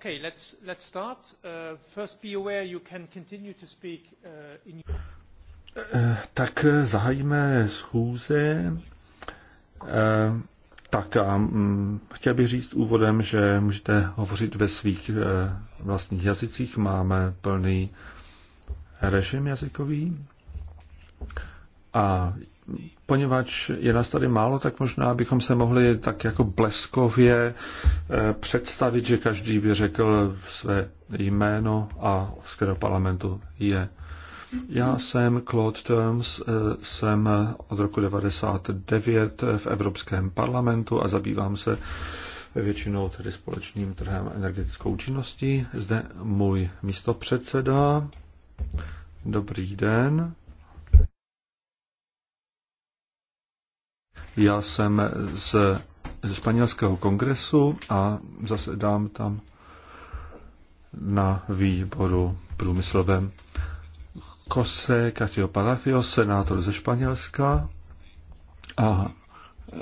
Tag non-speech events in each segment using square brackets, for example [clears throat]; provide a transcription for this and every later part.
Okay, let's, let's start. Uh, first be aware you can continue to speak uh, in... Eh, tak eh, zahajíme schůze. Eh, tak a mm, chtěl bych říct úvodem, že můžete hovořit ve svých vlastních jazycích. Máme plný režim jazykový. A poněvadž je nás tady málo, tak možná bychom se mohli tak jako bleskově eh, představit, že každý by řekl své jméno a z kterého parlamentu je. Já jsem Claude Terms, eh, jsem od roku 99 v Evropském parlamentu a zabývám se většinou tedy společným trhem energetickou činností. Zde můj místopředseda. Dobrý den. Já jsem z španělského kongresu a zasedám tam na výboru průmyslovém. Kose Castillo Palacio, senátor ze Španělska a e,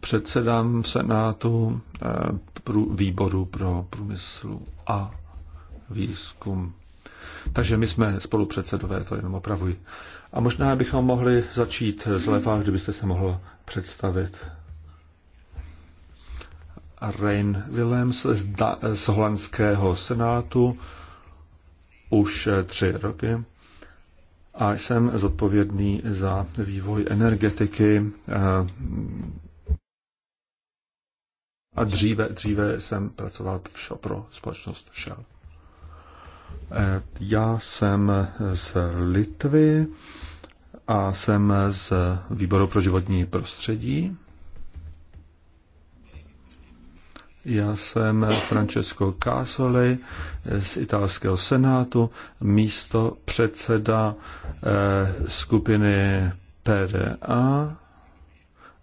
předsedám Senátu e, výboru pro průmysl a výzkum. Takže my jsme spolupředsedové, to jenom opravuji. A možná bychom mohli začít zleva, kdybyste se mohl představit. Rain Willems z, z holandského senátu už tři roky a jsem zodpovědný za vývoj energetiky. Eh, a dříve, dříve jsem pracoval v Shell, pro společnost Shell. Eh, já jsem z Litvy a jsem z výboru pro životní prostředí. Já jsem Francesco Casoli z italského senátu, místo předseda eh, skupiny PDA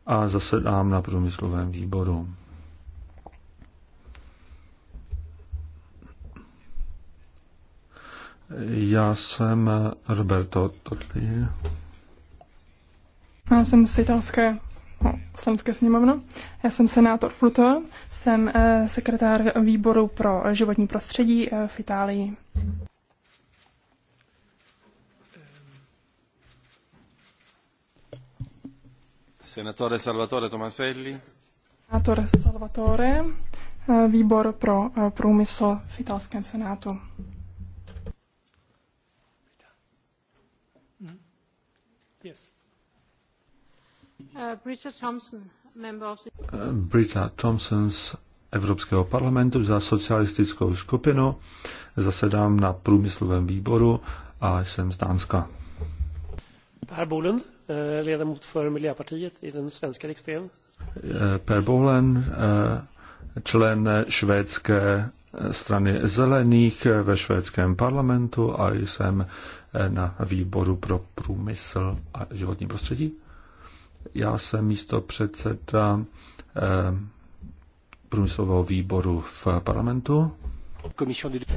a zasedám na průmyslovém výboru. Já jsem Roberto Totli. Já jsem z italské no, poslanecké sněmovny. Já jsem senátor Pluto, jsem eh, sekretár výboru pro životní prostředí eh, v Itálii. Senatore Salvatore Tomaselli. Senátor Salvatore, eh, výbor pro eh, průmysl v italském senátu. Yes. Uh, uh, Brita Thompson, z Evropského parlamentu za socialistickou skupinu. Zasedám na průmyslovém výboru a jsem z Dánska. Per Bolund, eh, ledamot för Miljöpartiet i den svenska riksdagen. Eh, per Bolund, eh, člen švédské strany zelených ve švédském parlamentu a jsem na výboru pro průmysl a životní prostředí. Já jsem místo předseda eh, průmyslového výboru v parlamentu.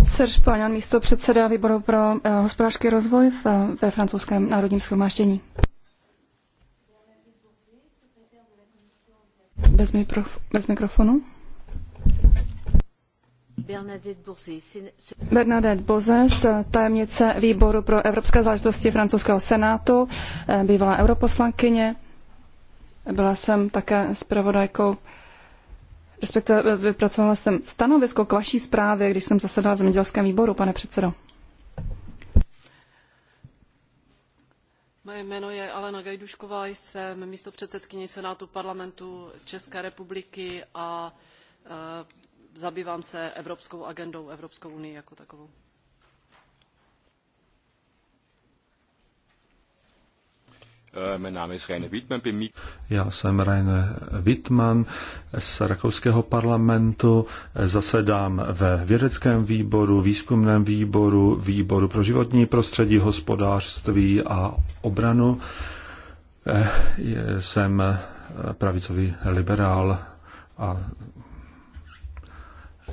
Serge Páňan, místo předseda výboru pro eh, hospodářský rozvoj v, ve francouzském národním schromáždění. Bez, mikrof- bez mikrofonu. Bernadette Bozes, tajemnice výboru pro evropské záležitosti francouzského senátu, eh, bývalá europoslankyně byla jsem také zpravodajkou, respektive eh, vypracovala jsem stanovisko k vaší zprávě, když jsem zasedala v zemědělském výboru, pane předsedo. Moje jméno je Alena Gajdušková, jsem místo předsedkyně Senátu parlamentu České republiky a e, zabývám se evropskou agendou, Evropskou unii jako takovou. Eh, mein Name ist Rainer Wittmann. Já jsem Rainer Wittmann z rakouského parlamentu. Zasedám ve vědeckém výboru, výzkumném výboru, výboru pro životní prostředí, hospodářství a obranu. Eh, jsem pravicový liberál a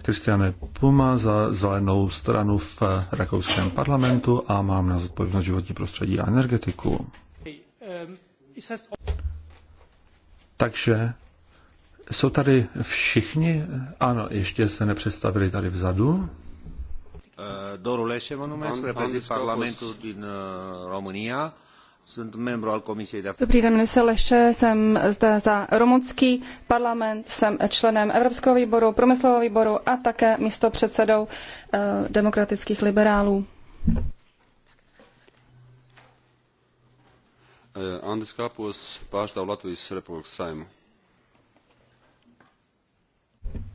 Kristiane Puma za zelenou stranu v rakouském parlamentu a mám na zodpovědnost životní prostředí a energetiku. Takže jsou tady všichni? Ano, ještě se nepředstavili tady vzadu. Doru Leșe mă din eh, România. Dobrý den, se Leše, jsem zde za rumunský parlament, jsem členem Evropského výboru, průmyslového výboru a také místopředsedou eh, demokratických liberálů. Eh, Andis Kapus pārstāv Latvijas republikas saimu.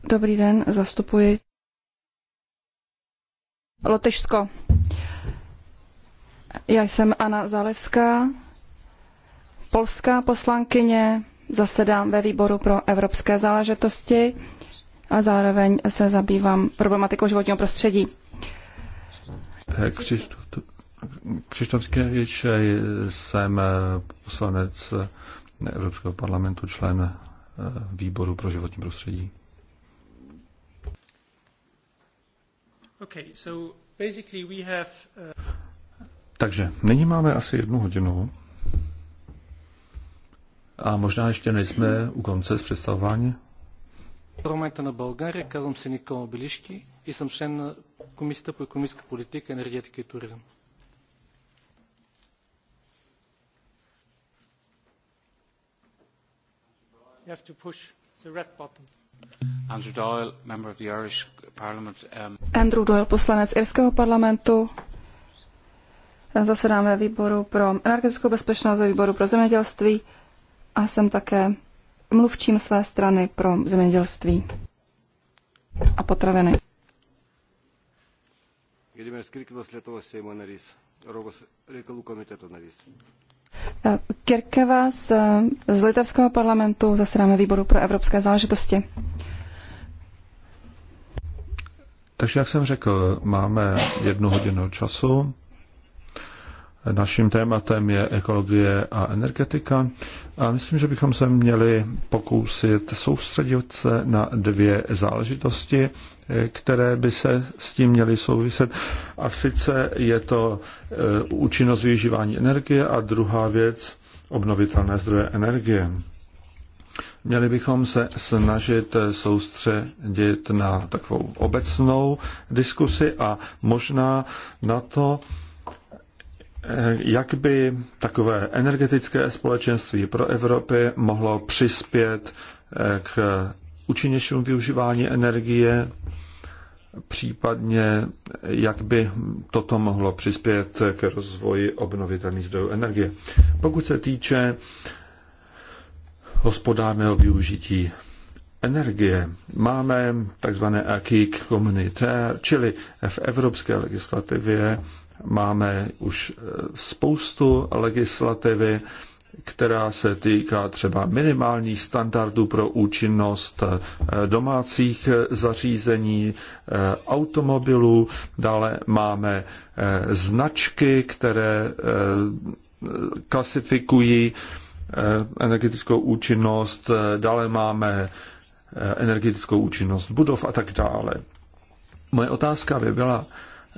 Dobrý den, zastupuji Lotyšsko. Já jsem Anna Zalevská, polská poslankyně, zasedám ve výboru pro evropské záležitosti a zároveň se zabývám problematikou životního prostředí. Eh, Křišť, Křištof Skěvič, jsem poslanec Evropského parlamentu, člen eh, výboru pro životní prostředí. Okay, so basically we have, uh... Takže nyní máme asi jednu hodinu a možná ještě nejsme u konce s představováním. Парламента на България, казвам се Никола Белишки и съм член на Комисията по економическа политика, енергетика и туризъм. You have to push the red button. Andrew Doyle, member of the Irish Parliament. Um... Andrew Doyle, poslanec irského parlamentu. Zasedám ve výboru pro energetickou bezpečnost, ve výboru pro zemědělství a jsem také mluvčím své strany pro zemědělství a potraviny. Gerbiamas Kirkilas, Lietuvos Seimo narys, Europos reikalų komiteto narys. Kirkeva z, z litevského parlamentu, zasedáme výboru pro evropské záležitosti. Takže jak jsem řekl, máme jednu hodinu času. Naším tématem je ekologie a energetika a myslím, že bychom se měli pokusit soustředit se na dvě záležitosti, které by se s tím měly souviset. A sice je to e, účinnost využívání energie a druhá věc obnovitelné zdroje energie. Měli bychom se snažit soustředit na takovou obecnou diskusi a možná na to, e, jak by takové energetické společenství pro Evropy mohlo přispět e, k účinnějšímu využívání energie, případně jak by toto mohlo přispět k rozvoji obnovitelných zdrojů energie. Pokud se týče hospodárného využití energie, máme takzvané acquis Communitaire, čili v evropské legislativě máme už spoustu legislativy, která se týká třeba minimálních standardů pro účinnost eh, domácích eh, zařízení, eh, automobilů. Dále máme značky, které klasifikují energetickou účinnost, dále máme energetickou účinnost budov a tak dále. Moje otázka by byla,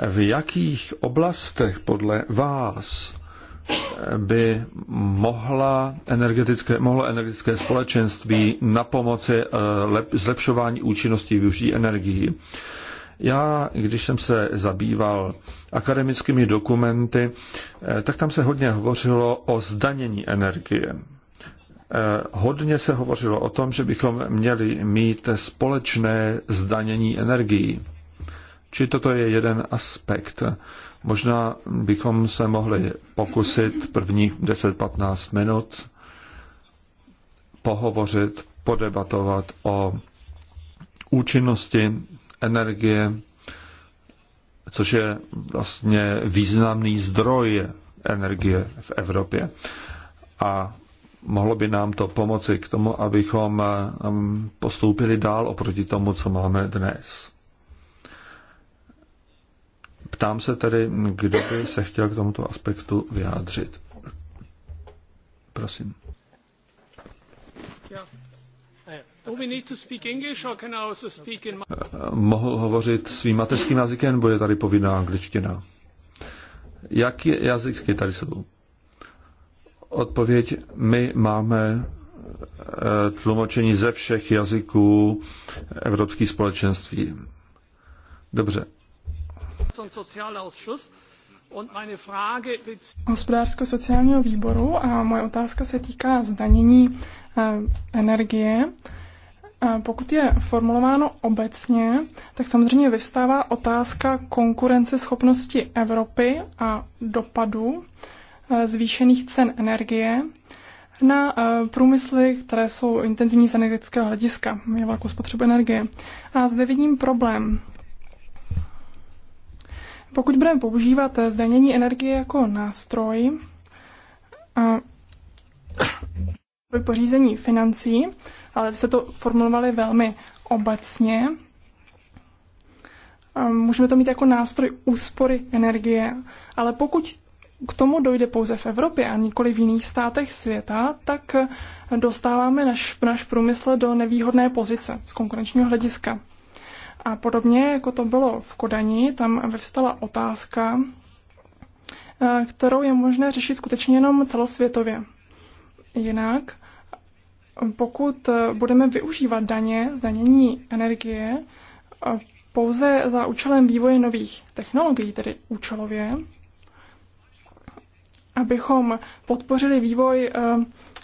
v jakých oblastech podle vás by mohla energetické, mohlo energetické společenství na pomoci eh, zlepšování účinnosti využití energií. Já, když jsem se zabýval akademickými dokumenty, eh, tak tam se hodně hovořilo o zdanění energie. Eh, hodně se hovořilo o tom, že bychom měli mít společné zdanění energií. Či toto je jeden aspekt. Možná bychom se mohli pokusit prvních 10-15 minut pohovořit, podebatovat o účinnosti energie, což je vlastně významný zdroj energie v Evropě. A mohlo by nám to pomoci k tomu, abychom um, postoupili dál oproti tomu, co máme dnes. Ptám se tedy, kdo by se chtěl k tomuto aspektu vyjádřit. Prosím. Eh, mohu hovořit svým mateřským jazykem, nebo je tady povinná angličtina? Jaký jazyky tady jsou? Odpověď, my máme eh, tlumočení ze všech jazyků Evropské společenství. Dobře, Eh, Hospodářsko-sociálního výboru a moje otázka se týká zdanění eh, energie. Eh, pokud je formulováno obecně, tak samozřejmě vystává otázka konkurenceschopnosti Evropy a dopadu zvýšených cen energie na průmysly, které jsou intenzivní z energetického hlediska, je velkou spotřebu energie. A zde vidím problém, pokud budeme používat zdanění energie jako nástroj pro [coughs] pořízení financí, ale se to formulovali velmi obecně, můžeme to mít jako nástroj úspory energie, ale pokud k tomu dojde pouze v Evropě a nikoli v jiných státech světa, tak dostáváme naš, náš průmysl do nevýhodné pozice z konkurenčního hlediska. A podobně, jako to bylo v Kodani, tam vyvstala otázka, eh, kterou je možné řešit skutečně jenom celosvětově. Jinak, pokud eh, budeme využívat daně, zdanění energie eh, pouze za účelem vývoje nových technologií, tedy účelově, abychom podpořili vývoj eh,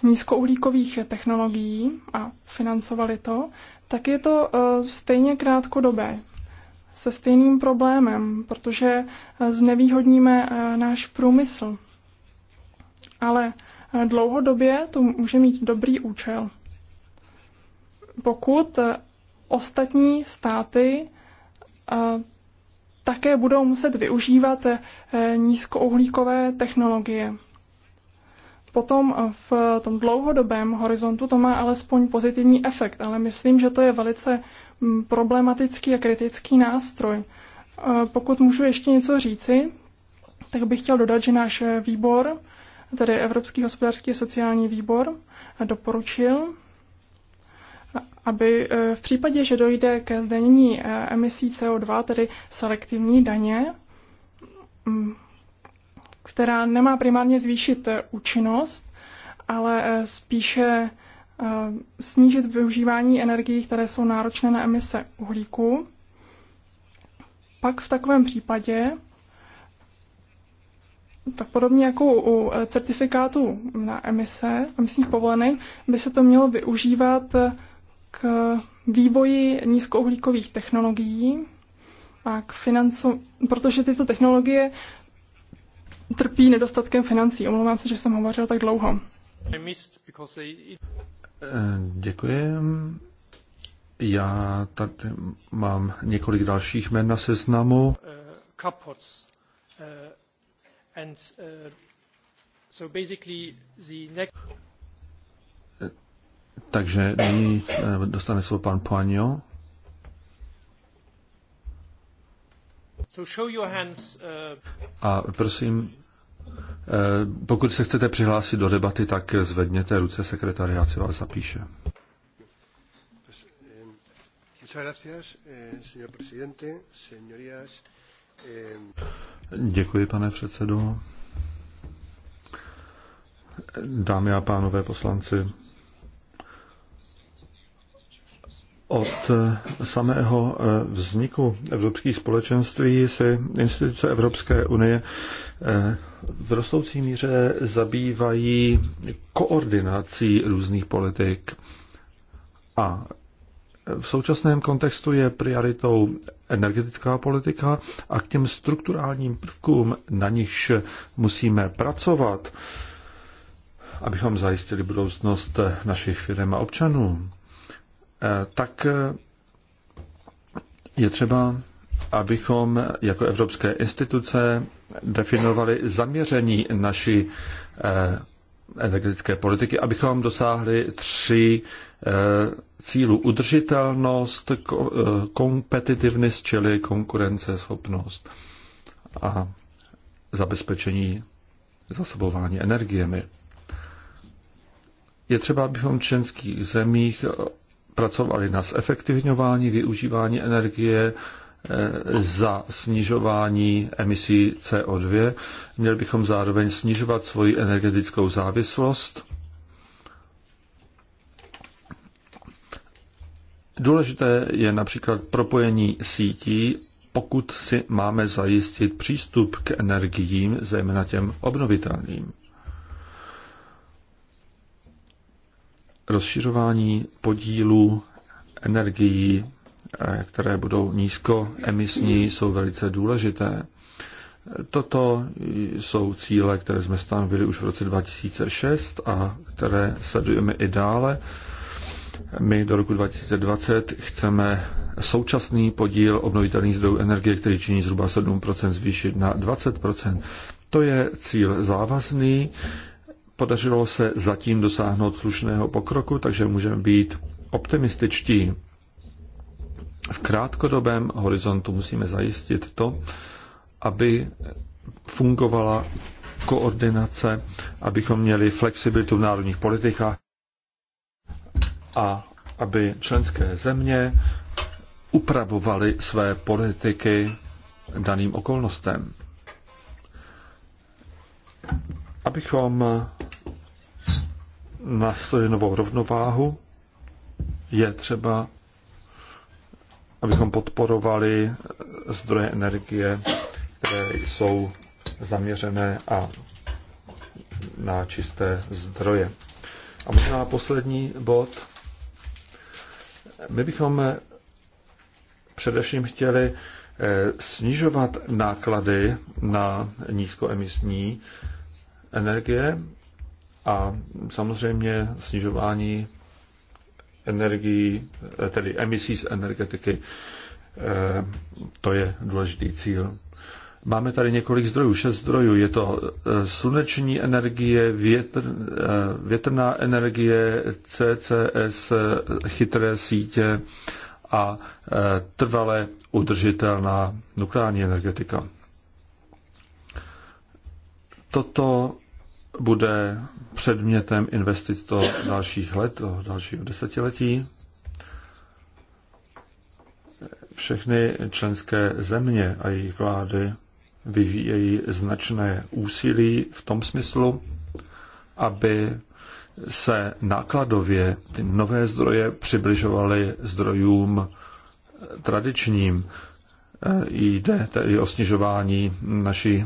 nízkouhlíkových technologií a financovali to, tak je to eh, stejně krátkodobé se stejným problémem, protože eh, znevýhodníme náš průmysl. Ale dlouhodobě to může mít dobrý účel. Pokud ostatní státy také budou muset využívat eh, nízkouhlíkové technologie. Potom v tom dlouhodobém horizontu to má alespoň pozitivní efekt, ale myslím, že to je velice mm, problematický a kritický nástroj. Eh, pokud můžu ještě něco říci, tak bych chtěl dodat, že náš eh, výbor, tedy Evropský hospodářský a sociální výbor, doporučil aby eh, v případě, že dojde ke zdanění eh, emisí CO2, tedy selektivní daně, mm, která nemá primárně zvýšit eh, účinnost, ale spíše snížit využívání energií, které jsou náročné na emise uhlíku. Pak v takovém případě, tak podobně jako u certifikátů na emise, emisních povolenek, by se to mělo využívat k vývoji nízkouhlíkových technologií a k financu, protože tyto technologie trpí nedostatkem financí. Omlouvám se, že jsem hovořil tak dlouho. Děkuji. Já tady mám několik dalších jmen na seznamu. Takže nyní eh, dostane slovo pan Poanio. Eh. A prosím, eh, pokud se chcete přihlásit do debaty, tak zvedněte ruce, sekretariát si vás zapíše. Děkuji, pane předsedo. Dámy a pánové poslanci, Od eh, samého eh, vzniku Evropských společenství se instituce Evropské unie eh, v rostoucí míře zabývají koordinací různých politik. A v současném kontextu je prioritou energetická politika a k těm strukturálním prvkům, na nichž musíme pracovat, abychom zajistili budoucnost našich firm a občanů Eh, tak eh, je třeba, abychom jako evropské instituce definovali zaměření naší eh, energetické politiky, abychom dosáhli tři cílů. Udržitelnost, competitiveness, čili konkurenceschopnost a zabezpečení zasobování energiemi. Je třeba, abychom v členských zemích pracovali na zefektivňování využívání energie, e, za snižování emisí CO2. Měli bychom zároveň snižovat svoji energetickou závislost. Důležité je například propojení sítí, pokud si máme zajistit přístup k energiím, zejména těm obnovitelným. rozšiřování podílů energií, eh, které budou nízkoemisní, jsou velice důležité. Toto jsou cíle, které jsme stanovili už v roce 2006 a které sledujeme i dále. My do roku 2020 chceme současný podíl obnovitelných zdrojů energie, který činí zhruba 7 zvýšit na 20 To je cíl závazný, Podařilo se zatím dosáhnout slušného pokroku, takže můžeme být optimističtí. V krátkodobém horizontu musíme zajistit to, aby fungovala koordinace, abychom měli flexibilitu v národních politikách a aby členské země upravovaly své politiky daným okolnostem. Abychom nastolili novou rovnováhu, je třeba, abychom podporovali zdroje energie, které jsou zaměřené a na čisté zdroje. A možná poslední bod. My bychom především chtěli eh, snižovat náklady na nízkoemisní energie a samozřejmě snižování energií, tedy emisí z energetiky, eh, to je důležitý cíl. Máme tady několik zdrojů, šest zdrojů. Je to eh, sluneční energie, větr, eh, větrná energie, CCS, chytré sítě a trvale udržitelná nukleární energetika. Toto bude předmětem investic do dalších let, do dalšího desetiletí. Všechny členské země a jejich vlády vyvíjejí značné úsilí v tom smyslu, aby se nákladově ty nové zdroje přibližovaly zdrojům tradičním. Jde tedy o snižování naší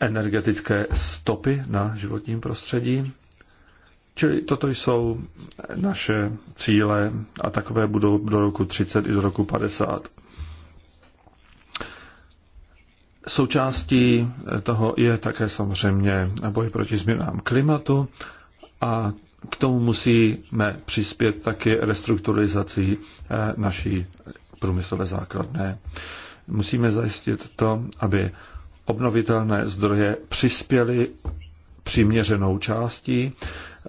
energetické stopy na životním prostředí. Čili toto jsou naše cíle a takové budou do roku 30 i do roku 50. Součástí toho je také samozřejmě boj proti změnám klimatu a k tomu musíme přispět také restrukturalizací eh, naší průmyslové základné. Musíme zajistit to, aby obnovitelné zdroje přispěly přiměřenou částí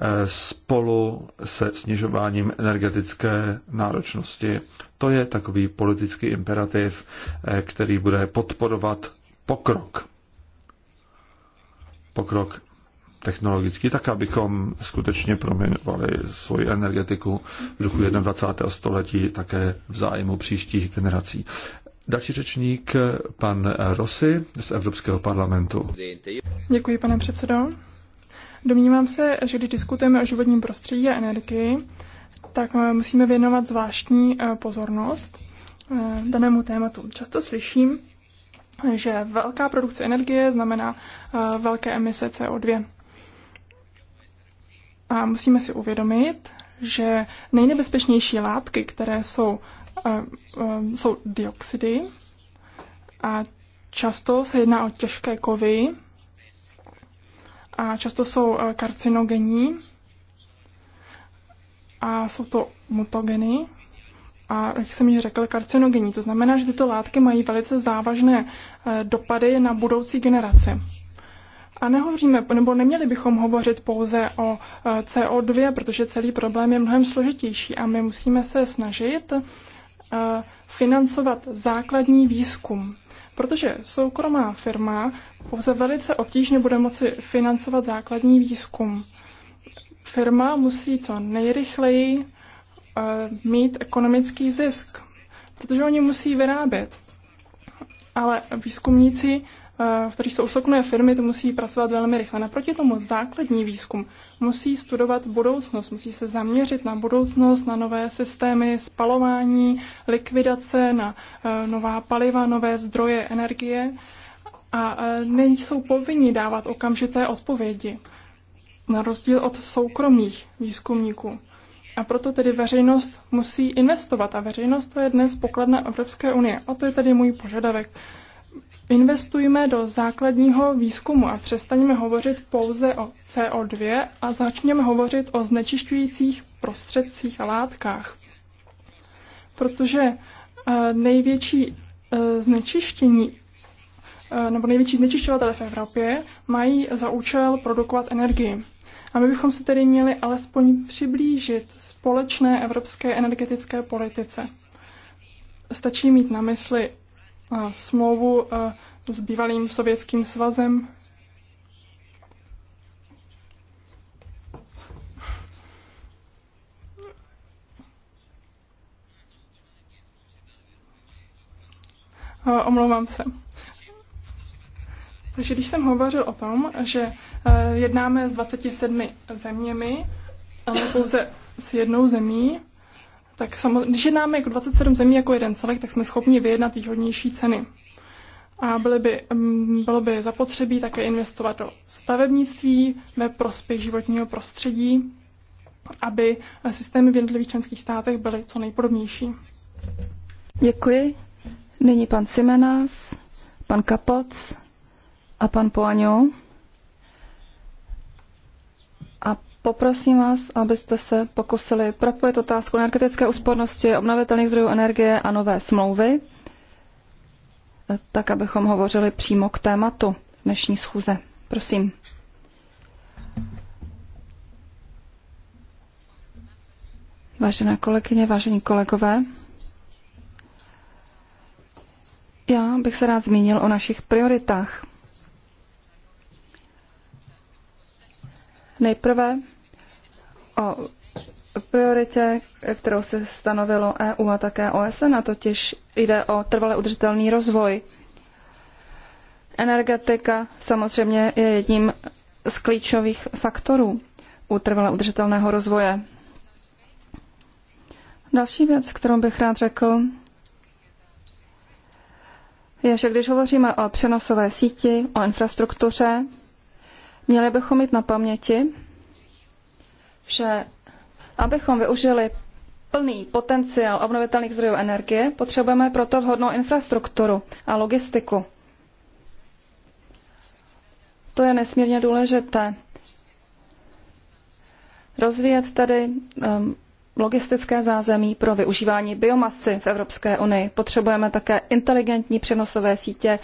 eh, spolu se snižováním energetické náročnosti. To je takový politický imperativ, eh, který bude podporovat pokrok. Pokrok technologický, tak abychom skutečně proměňovali svoji energetiku v duchu 21. Hmm. století také v zájmu příštích generací. Další řečník, pan Rossi z Evropského parlamentu. Děkuji, pane předsedo. Domnívám se, že když diskutujeme o životním prostředí a energii, tak eh, musíme věnovat zvláštní eh, pozornost eh, danému tématu. Často slyším, že velká produkce energie znamená velké emise CO2. A musíme si uvědomit, že nejnebezpečnější látky, které jsou jsou dioxidy a často se jedná o těžké kovy a často jsou e, karcinogenní a jsou to mutogeny a, jak jsem již řekl, karcinogenní. To znamená, že tyto látky mají velice závažné e, dopady na budoucí generace. A nehovoříme, nebo neměli bychom hovořit pouze o e, CO2, protože celý problém je mnohem složitější a my musíme se snažit Eh, financovat základní výzkum, protože soukromá firma pouze velice obtížně bude moci financovat základní výzkum. Firma musí co nejrychleji eh, mít ekonomický zisk, protože oni musí vyrábět. Ale výzkumníci v kterých jsou soukromé firmy, to musí pracovat velmi rychle. Naproti tomu základní výzkum musí studovat budoucnost, musí se zaměřit na budoucnost, na nové systémy spalování, likvidace, na eh, nová paliva, nové zdroje energie a eh, nejsou povinni dávat okamžité odpovědi, na rozdíl od soukromých výzkumníků. A proto tedy veřejnost musí investovat a veřejnost to je dnes pokladna Evropské unie. A to je tedy můj požadavek. Investujme do základního výzkumu a přestaňme hovořit pouze o CO2 a začněme hovořit o znečišťujících prostředcích a látkách. Protože eh, největší eh, znečištění eh, nebo největší znečišťovatele v Evropě mají za účel produkovat energii. A my bychom se tedy měli alespoň přiblížit společné evropské energetické politice. Stačí mít na mysli smlouvu eh, s bývalým sovětským svazem. Eh, omlouvám se. Takže když jsem hovořil o tom, že eh, jednáme s 27 zeměmi, ale pouze s jednou zemí, tak samozřejmě, když jednáme jako 27 zemí jako jeden celek, tak jsme schopni vyjednat výhodnější ceny. A byly by, mm, bylo by zapotřebí také investovat do stavebnictví ve prospěch životního prostředí, aby systémy v jednotlivých členských státech byly co nejpodobnější. Děkuji. Nyní pan Simenas, pan Kapoc a pan Poaňo. Poprosím vás, abyste se pokusili propojit otázku energetické úspornosti, obnovitelných zdrojů energie a nové smlouvy, tak abychom hovořili přímo k tématu dnešní schůze. Prosím. Vážené kolegyně, vážení kolegové, já bych se rád zmínil o našich prioritách. Nejprve o prioritě, kterou se stanovilo EU a také OSN, a totiž jde o trvale udržitelný rozvoj. Energetika samozřejmě je jedním z klíčových faktorů u trvale udržitelného rozvoje. Další věc, kterou bych rád řekl, je, že když hovoříme o přenosové síti, o infrastruktuře, Měli bychom mít na paměti, že abychom využili plný potenciál obnovitelných zdrojů energie, potřebujeme proto vhodnou infrastrukturu a logistiku. To je nesmírně důležité. Rozvíjet tedy um, logistické zázemí pro využívání biomasy v Evropské unii. Potřebujeme také inteligentní přenosové sítě,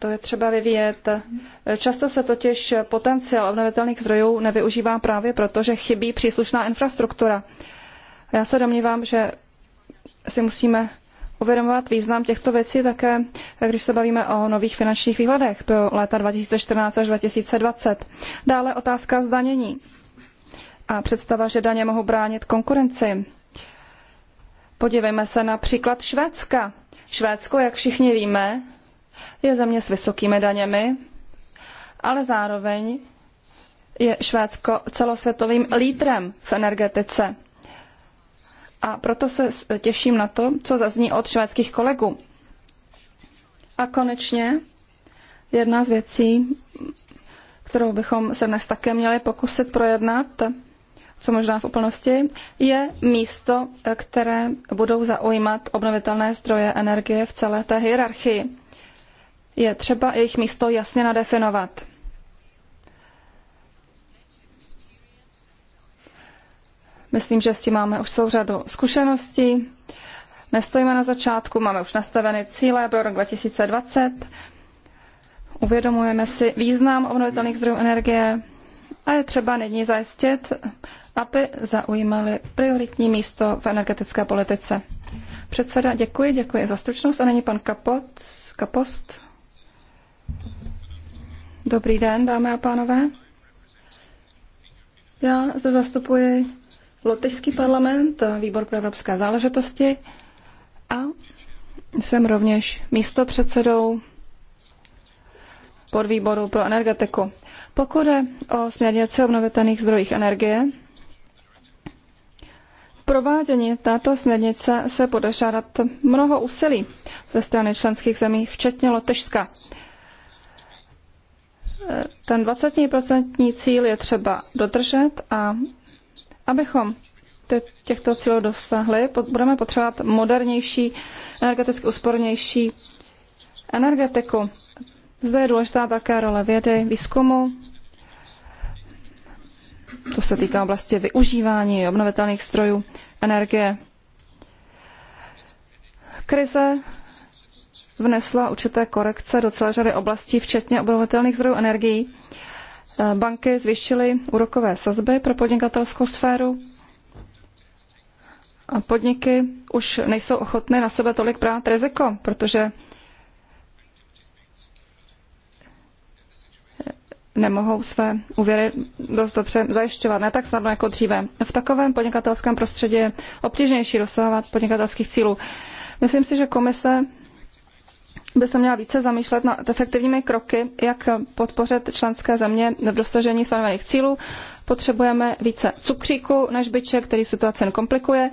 to je třeba vyvíjet. Často se totiž potenciál obnovitelných zdrojů nevyužívá právě proto, že chybí příslušná infrastruktura. Já se domnívám, že si musíme uvědomovat význam těchto věcí také, když se bavíme o nových finančních výhledech pro léta 2014 až 2020. Dále otázka zdanění a představa, že daně mohou bránit konkurenci. Podívejme se na příklad Švédska. Švédsko, jak všichni víme, je země s vysokými daněmi, ale zároveň je Švédsko celosvětovým lídrem v energetice. A proto se těším na to, co zazní od švédských kolegů. A konečně jedna z věcí, kterou bychom se dnes také měli pokusit projednat, co možná v úplnosti, je místo, které budou zaujímat obnovitelné zdroje energie v celé té hierarchii je třeba jejich místo jasně nadefinovat. Myslím, že s tím máme už celou řadu zkušeností. Nestojíme na začátku, máme už nastaveny cíle pro rok 2020. Uvědomujeme si význam obnovitelných zdrojů energie a je třeba nyní zajistit, aby zaujímali prioritní místo v energetické politice. Předseda, děkuji, děkuji za stručnost a není pan Kapot, Kapost. Dobrý den, dámy a pánové. Já se zastupuji Lotyšský parlament, výbor pro evropské záležitosti a jsem rovněž místopředsedou podvýboru pro energetiku. Pokud je o směrnici obnovitelných zdrojích energie, provádění této směrnice se bude mnoho úsilí ze strany členských zemí, včetně Lotyšska ten 20% cíl je třeba dodržet a abychom těchto cílů dosáhli, budeme potřebovat modernější, energeticky úspornější energetiku. Zde je důležitá také role vědy, výzkumu. To se týká oblasti využívání obnovitelných strojů energie. Krize vnesla určité korekce do celé řady oblastí, včetně obnovitelných zdrojů energií. Eh, banky zvýšily úrokové sazby pro podnikatelskou sféru. A podniky už nejsou ochotné na sebe tolik brát riziko, protože nemohou své úvěry dost dobře zajišťovat, ne tak snadno jako dříve. V takovém podnikatelském prostředí je obtížnější dosahovat podnikatelských cílů. Myslím si, že komise by se měla více zamýšlet nad efektivními kroky, jak podpořit členské země v dosažení stanovených cílů. Potřebujeme více cukříku než byče, který situaci komplikuje.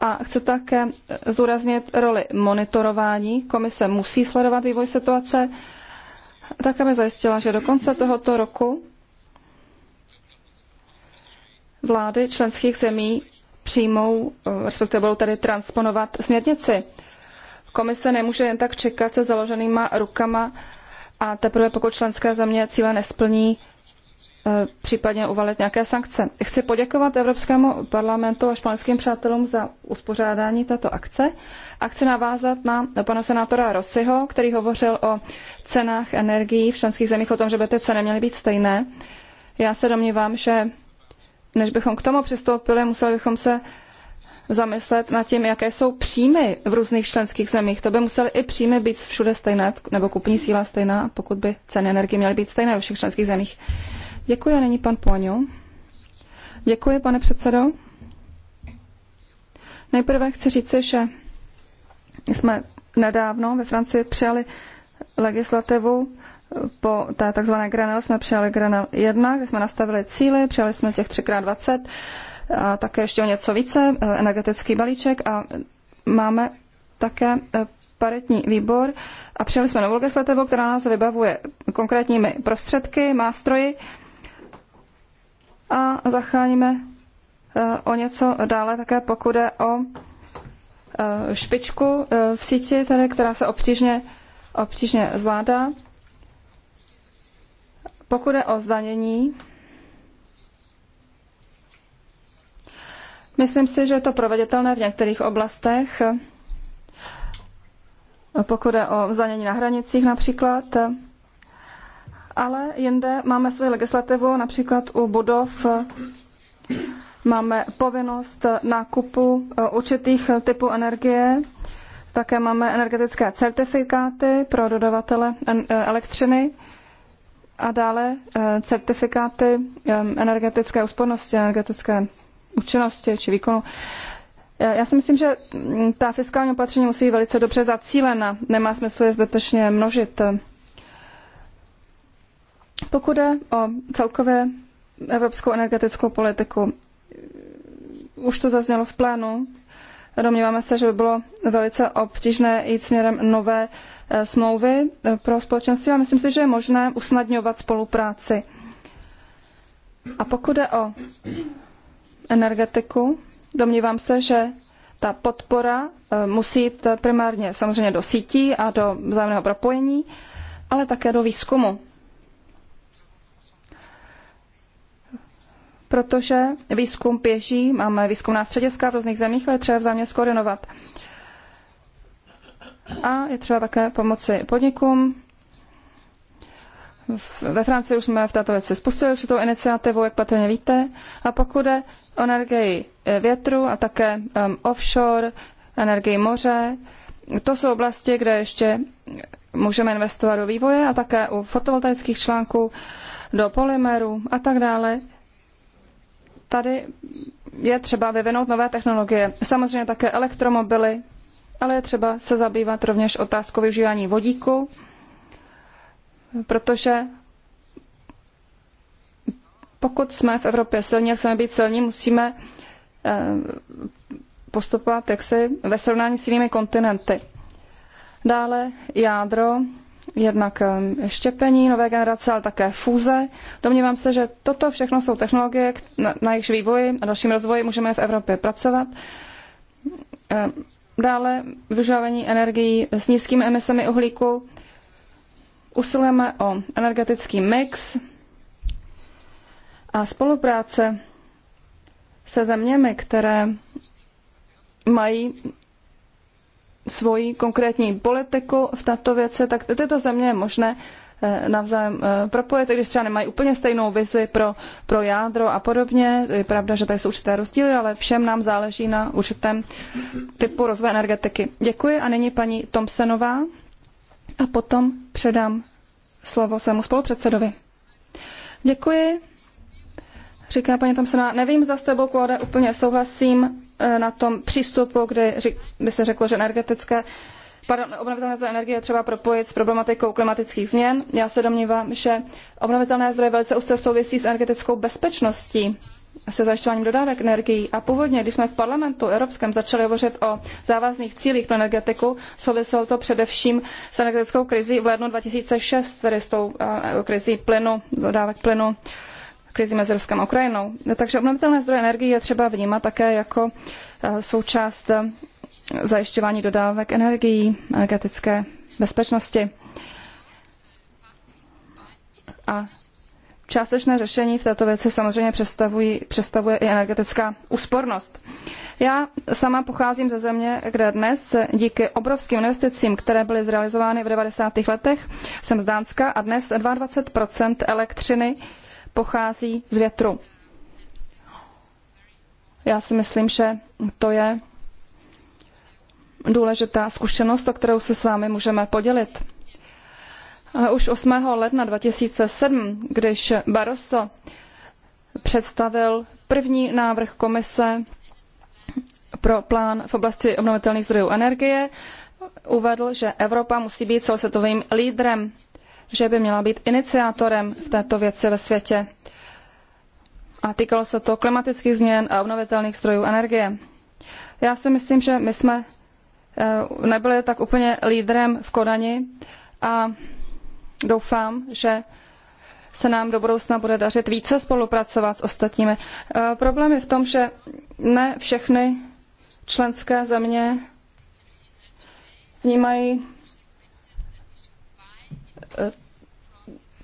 A chci také zdůraznit roli monitorování. Komise musí sledovat vývoj situace, tak aby zajistila, že do konce tohoto roku vlády členských zemí přijmou, respektive budou tedy transponovat směrnici. Komise nemůže jen tak čekat se založenýma rukama a teprve pokud členské země cíle nesplní, eh, případně uvalit nějaké sankce. Chci poděkovat Evropskému parlamentu a španělským přátelům za uspořádání této akce a chci navázat na pana senátora Rossiho, který hovořil o cenách energií v členských zemích, o tom, že by ty ceny měly být stejné. Já se domnívám, že než bychom k tomu přistoupili, museli bychom se zamyslet nad tím, jaké jsou příjmy v různých členských zemích. To by musely i příjmy být všude stejné, nebo kupní síla stejná, pokud by ceny energie měly být stejné ve všech členských zemích. Děkuji a nyní pan Poňo. Děkuji, pane předsedo. Nejprve chci říci, že jsme nedávno ve Francii přijali legislativu po té tzv. Grenelle jsme přijali Grenelle 1, kde jsme nastavili cíly, přijali jsme těch 3x20 a také ještě o něco více, eh, energetický balíček a máme také eh, paritní výbor a přijeli jsme novou legislativu, která nás vybavuje konkrétními prostředky, nástroji a zacháníme eh, o něco dále také, pokud je o špičku v síti, tedy, která se obtížně, obtížně zvládá. Pokud je o zdanění, Myslím si, že je to proveditelné v některých oblastech, pokud je o zdanění na hranicích například, ale jinde máme svoji legislativu, například u budov máme povinnost nákupu eh, určitých typů energie, také máme energetické certifikáty pro dodavatele eh, elektřiny a dále eh, certifikáty energetické úspornosti, energetické účinnosti či výkonu. Já si myslím, že ta fiskální opatření musí být velice dobře zacílena. Nemá smysl je zbytečně množit. Pokud jde o celkově evropskou energetickou politiku, už to zaznělo v plénu, domníváme se, že by bylo velice obtížné jít směrem nové eh, smlouvy eh, pro společenství a myslím si, že je možné usnadňovat spolupráci. A pokud jde o energetiku. Domnívám se, že ta podpora eh, musí jít primárně samozřejmě do sítí a do vzájemného propojení, ale také do výzkumu. Protože výzkum běží, máme výzkumná střediska v různých zemích, ale je třeba vzájemně skoordinovat. A je třeba také pomoci podnikům. Ve Francii už jsme v této věci spustili určitou iniciativu, jak patrně víte. A pokud je o energii eh, větru a také um, offshore, energii moře. To jsou oblasti, kde ještě můžeme investovat do vývoje a také u fotovoltaických článků, do polymerů a tak dále. Tady je třeba vyvinout nové technologie, samozřejmě také elektromobily, ale je třeba se zabývat rovněž otázkou využívání vodíku, protože pokud jsme v Evropě silní, jak chceme být silní, musíme eh, postupovat jaksi ve srovnání s jinými kontinenty. Dále jádro, jednak eh, štěpení nové generace, ale také fúze. Domnívám se, že toto všechno jsou technologie, na jejichž vývoji a dalším rozvoji můžeme v Evropě pracovat. Eh, dále využívání energií s nízkými emisemi uhlíku. Usilujeme o energetický mix, a spolupráce se zeměmi, které mají svoji konkrétní politiku v této věci, tak tyto země je možné eh, navzájem eh, propojit, když třeba nemají úplně stejnou vizi pro, pro jádro a podobně. Je pravda, že tady jsou určité rozdíly, ale všem nám záleží na určitém typu rozvoje energetiky. Děkuji a nyní paní Tomsenová a potom předám slovo svému spolupředsedovi. Děkuji. Říká paní Tomsona, nevím, zda s tebou, Klode, úplně souhlasím eh, na tom přístupu, kdy by se řeklo, že energetické pardon, obnovitelné zdroje energie třeba propojit s problematikou klimatických změn. Já se domnívám, že obnovitelné zdroje velice úzce souvisí s energetickou bezpečností se zajišťováním dodávek energií. A původně, když jsme v parlamentu evropském začali hovořit o závazných cílích pro energetiku, souviselo to především s energetickou krizí v lednu 2006, tedy s tou eh, krizí plynu, dodávek plynu krizi mezi Ruskem a Ukrajinou. No, takže obnovitelné zdroje energie je třeba vnímat také jako eh, součást eh, zajišťování dodávek energií, energetické bezpečnosti. A Částečné řešení v této věci samozřejmě představuje i energetická úspornost. Já sama pocházím ze země, kde dnes díky obrovským investicím, které byly zrealizovány v 90. letech, jsem z Dánska a dnes 22 elektřiny pochází z větru. Já si myslím, že to je důležitá zkušenost, o kterou se s vámi můžeme podělit. Ale už 8. ledna 2007, když Barroso představil první návrh komise pro plán v oblasti obnovitelných zdrojů energie, uvedl, že Evropa musí být celosvětovým lídrem že by měla být iniciátorem v této věci ve světě. A týkalo se to klimatických změn a obnovitelných zdrojů energie. Já si myslím, že my jsme eh, nebyli tak úplně lídrem v Kodani a doufám, že se nám do budoucna bude dařit více spolupracovat s ostatními. Eh, problém je v tom, že ne všechny členské země vnímají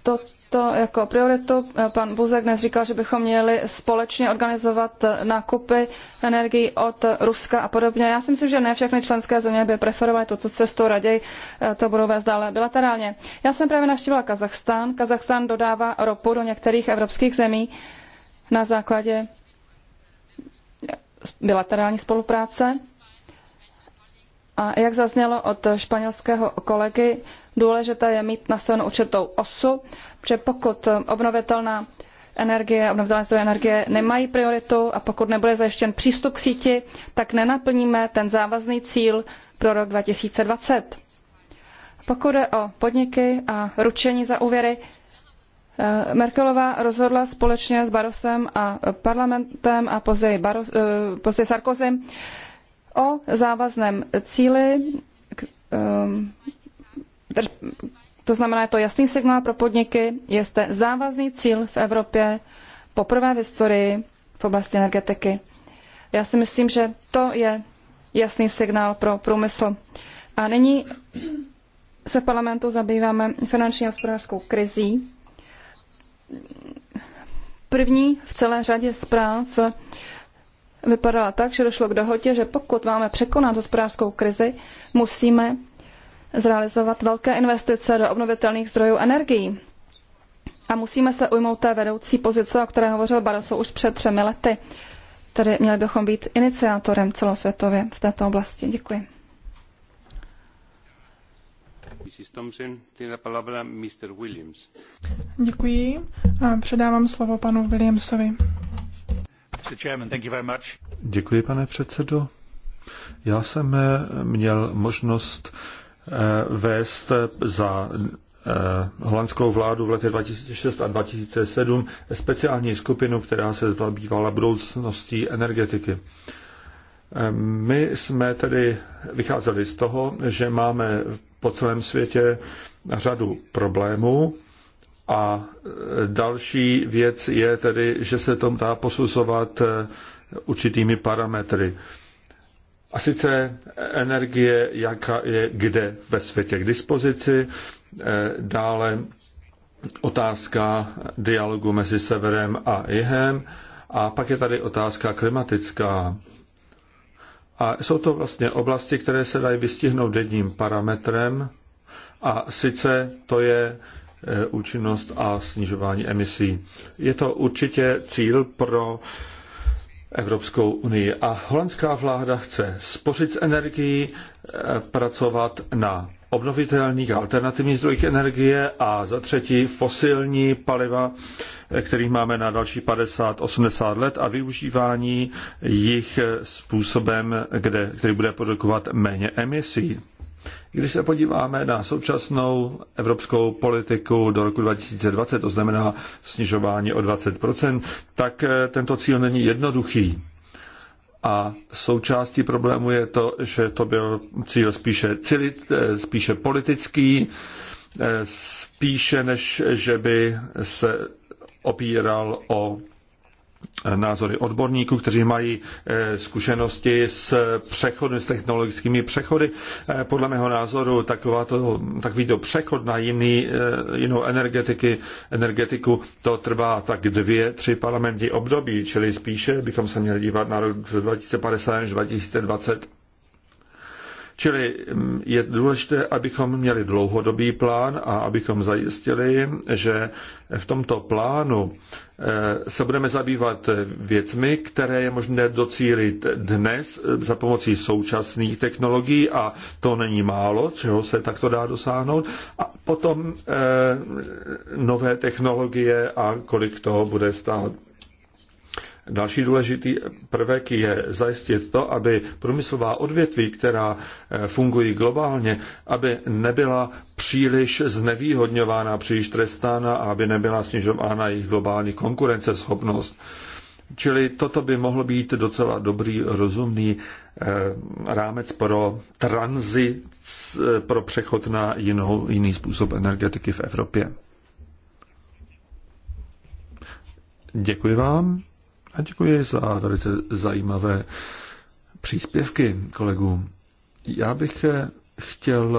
toto jako prioritu. Pan Buzek dnes říkal, že bychom měli společně organizovat nákupy energií od Ruska a podobně. Já si myslím, že ne všechny členské země by preferovaly tuto cestu, raději eh, to budou vést dále bilaterálně. Já jsem právě navštívila Kazachstán. Kazachstán dodává ropu do některých evropských zemí na základě bilaterální spolupráce. A jak zaznělo od španělského kolegy, důležité je mít nastavenou určitou osu, protože pokud obnovitelná energie, obnovitelné zdroje energie nemají prioritu a pokud nebude zajištěn přístup k síti, tak nenaplníme ten závazný cíl pro rok 2020. Pokud jde o podniky a ručení za úvěry, eh, Merkelová rozhodla společně s Barosem a parlamentem a později, Baros, eh, později Sarkozym o závazném cíli ehm, to znamená, je to jasný signál pro podniky, je zde závazný cíl v Evropě poprvé v historii v oblasti energetiky. Já si myslím, že to je jasný signál pro průmysl. A nyní se v parlamentu zabýváme finanční a hospodářskou krizí. První v celé řadě zpráv vypadala tak, že došlo k dohodě, že pokud máme překonat hospodářskou krizi, musíme zrealizovat velké investice do obnovitelných zdrojů energií. A musíme se ujmout té vedoucí pozice, o které hovořil Barroso už před třemi lety. Tedy měli bychom být iniciátorem celosvětově v této oblasti. Děkuji. Děkuji a předávám slovo panu Williamsovi. Děkuji, pane předsedo. Já jsem měl možnost Eh, vést eh, za eh, holandskou vládu v letech 2006 a 2007 speciální skupinu, která se zabývala budoucností energetiky. My jsme tedy vycházeli z toho, že máme po celém světě řadu problémů a další věc je tedy, že se tomu dá posuzovat určitými parametry. A sice energie, jaká je kde ve světě k dispozici, eh, dále otázka dialogu mezi severem a jihem a pak je tady otázka klimatická. A jsou to vlastně oblasti, které se dají vystihnout jedním parametrem a sice to je eh, účinnost a snižování emisí. Je to určitě cíl pro Evropskou unii. A holandská vláda chce spořit energii, energií, eh, pracovat na obnovitelných alternativních zdrojích energie a za třetí fosilní paliva, eh, kterých máme na další 50-80 let a využívání jich eh, způsobem, kde, který bude produkovat méně emisí. Když se podíváme na současnou evropskou politiku do roku 2020, to znamená snižování o 20%, tak eh, tento cíl není jednoduchý. A součástí problému je to, že to byl cíl spíše, cilit, eh, spíše politický, eh, spíše než že by se opíral o názory odborníků, kteří mají e, zkušenosti s přechody, s technologickými přechody. E, podle mého názoru taková to, takový to přechod na jiný, e, jinou energetiky, energetiku, to trvá tak dvě, tři parlamentní období, čili spíše bychom se měli dívat na rok 2050 než 2020. Čili mm, je důležité, abychom měli dlouhodobý plán a abychom zajistili, že v tomto plánu eh, se budeme zabývat věcmi, které je možné docílit dnes eh, za pomocí současných technologií a to není málo, čeho se takto dá dosáhnout. A potom eh, nové technologie a kolik toho bude stát. Další důležitý prvek je zajistit to, aby průmyslová odvětví, která eh, fungují globálně, aby nebyla příliš znevýhodňována, příliš trestána a aby nebyla snižována jejich globální konkurenceschopnost. Čili toto by mohl být docela dobrý, rozumný eh, rámec pro tranzit, eh, pro přechod na jinou, jiný způsob energetiky v Evropě. Děkuji vám. A děkuji za velice zajímavé příspěvky kolegům. Já bych eh, chtěl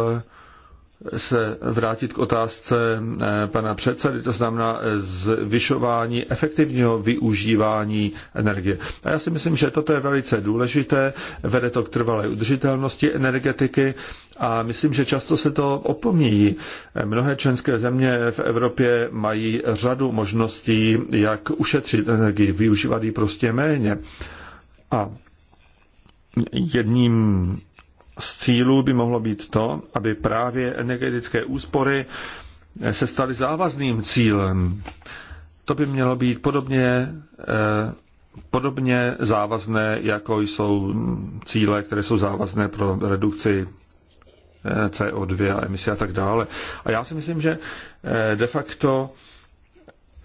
se vrátit k otázce eh, pana předsedy, to znamená eh, zvyšování efektivního využívání energie. A já si myslím, že toto je velice důležité, vede to k trvalé udržitelnosti energetiky a myslím, že často se to opomíjí. Eh, mnohé členské země v Evropě mají řadu možností, jak ušetřit energii, využívat ji prostě méně. A jedním z cílů by mohlo být to, aby právě energetické úspory se staly závazným cílem. To by mělo být podobně, eh, podobně závazné, jako jsou cíle, které jsou závazné pro redukci eh, CO2 a emisí a tak dále. A já si myslím, že eh, de facto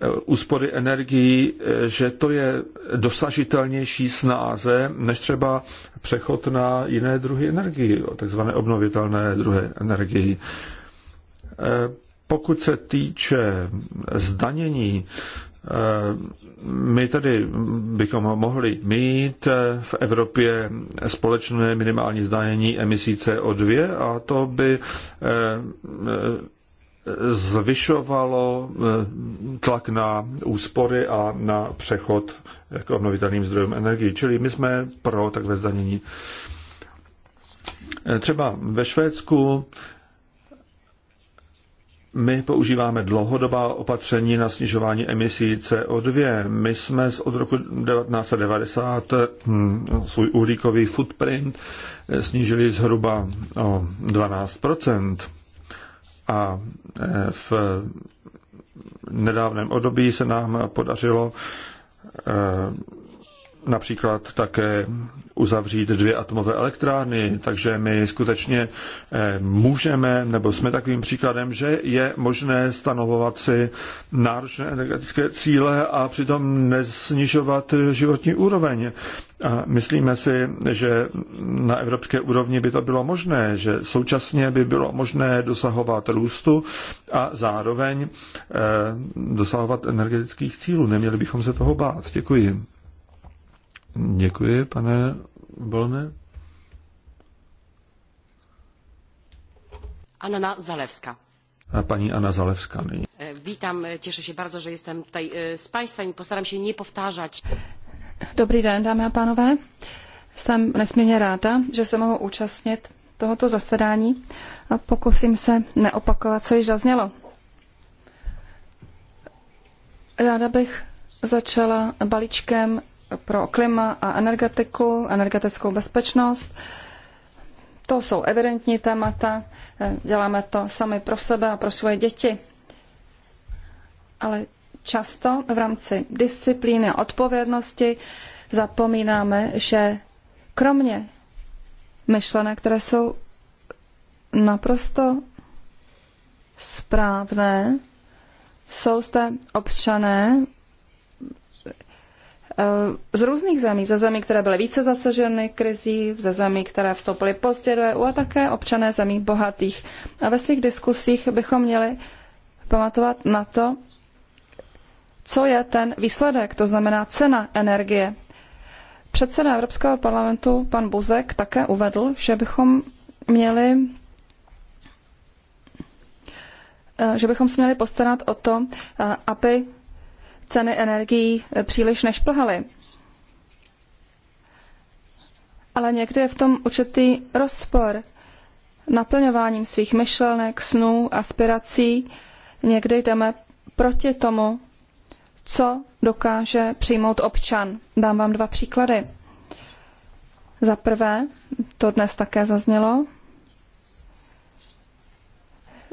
Eh, úspory energií, eh, že to je dosažitelnější snáze než třeba přechod na jiné druhy energií, takzvané obnovitelné druhy energií. Eh, pokud se týče zdanění, my tady bychom mohli mít v Evropě společné minimální zdanění emisí CO2 a to by zvyšovalo eh, tlak na úspory a na přechod k obnovitelným zdrojům energii. Čili my jsme pro takové zdanění. Eh, třeba ve Švédsku my používáme dlouhodobá opatření na snižování emisí CO2. My jsme od roku 1990 hm, svůj uhlíkový footprint eh, snížili zhruba o 12 a eh, v nedávném období se nám podařilo eh, například také uzavřít dvě atomové elektrárny, takže my skutečně eh, můžeme, nebo jsme takovým příkladem, že je možné stanovovat si náročné energetické cíle a přitom nesnižovat životní úroveň. A myslíme si, že na evropské úrovni by to bylo možné, že současně by bylo možné dosahovat růstu a zároveň eh, dosahovat energetických cílů. Neměli bychom se toho bát. Děkuji. Děkuji, pane Bolne. Anna Zalewska. A paní Anna Zalewska nyní. Vítám. těším se bardzo, že jsem tady s e, Państwem postaram się nie powtarzać. Dobrý den, dámy a pánové. Jsem nesmírně ráda, že se mohu účastnit tohoto zasedání a pokusím se neopakovat, co již zaznělo. Ráda bych začala balíčkem pro klima a energetiku, energetickou bezpečnost. To jsou evidentní témata, děláme to sami pro sebe a pro svoje děti. Ale často v rámci disciplíny a odpovědnosti zapomínáme, že kromě myšlenek, které jsou naprosto správné, jsou zde občané Eh, z různých zemí, ze zemí, které byly více zasaženy krizí, ze zemí, které vstoupily pozdě do EU a také občané zemí bohatých. A ve svých diskusích bychom měli pamatovat na to, co je ten výsledek, to znamená cena energie. Předseda Evropského parlamentu, pan Buzek, také uvedl, že bychom měli eh, že bychom se měli postarat o to, eh, aby ceny energií eh, příliš nešplhaly. Ale někdy je v tom určitý rozpor naplňováním svých myšlenek, snů, aspirací. Někdy jdeme proti tomu, co dokáže přijmout občan. Dám vám dva příklady. Za prvé, to dnes také zaznělo,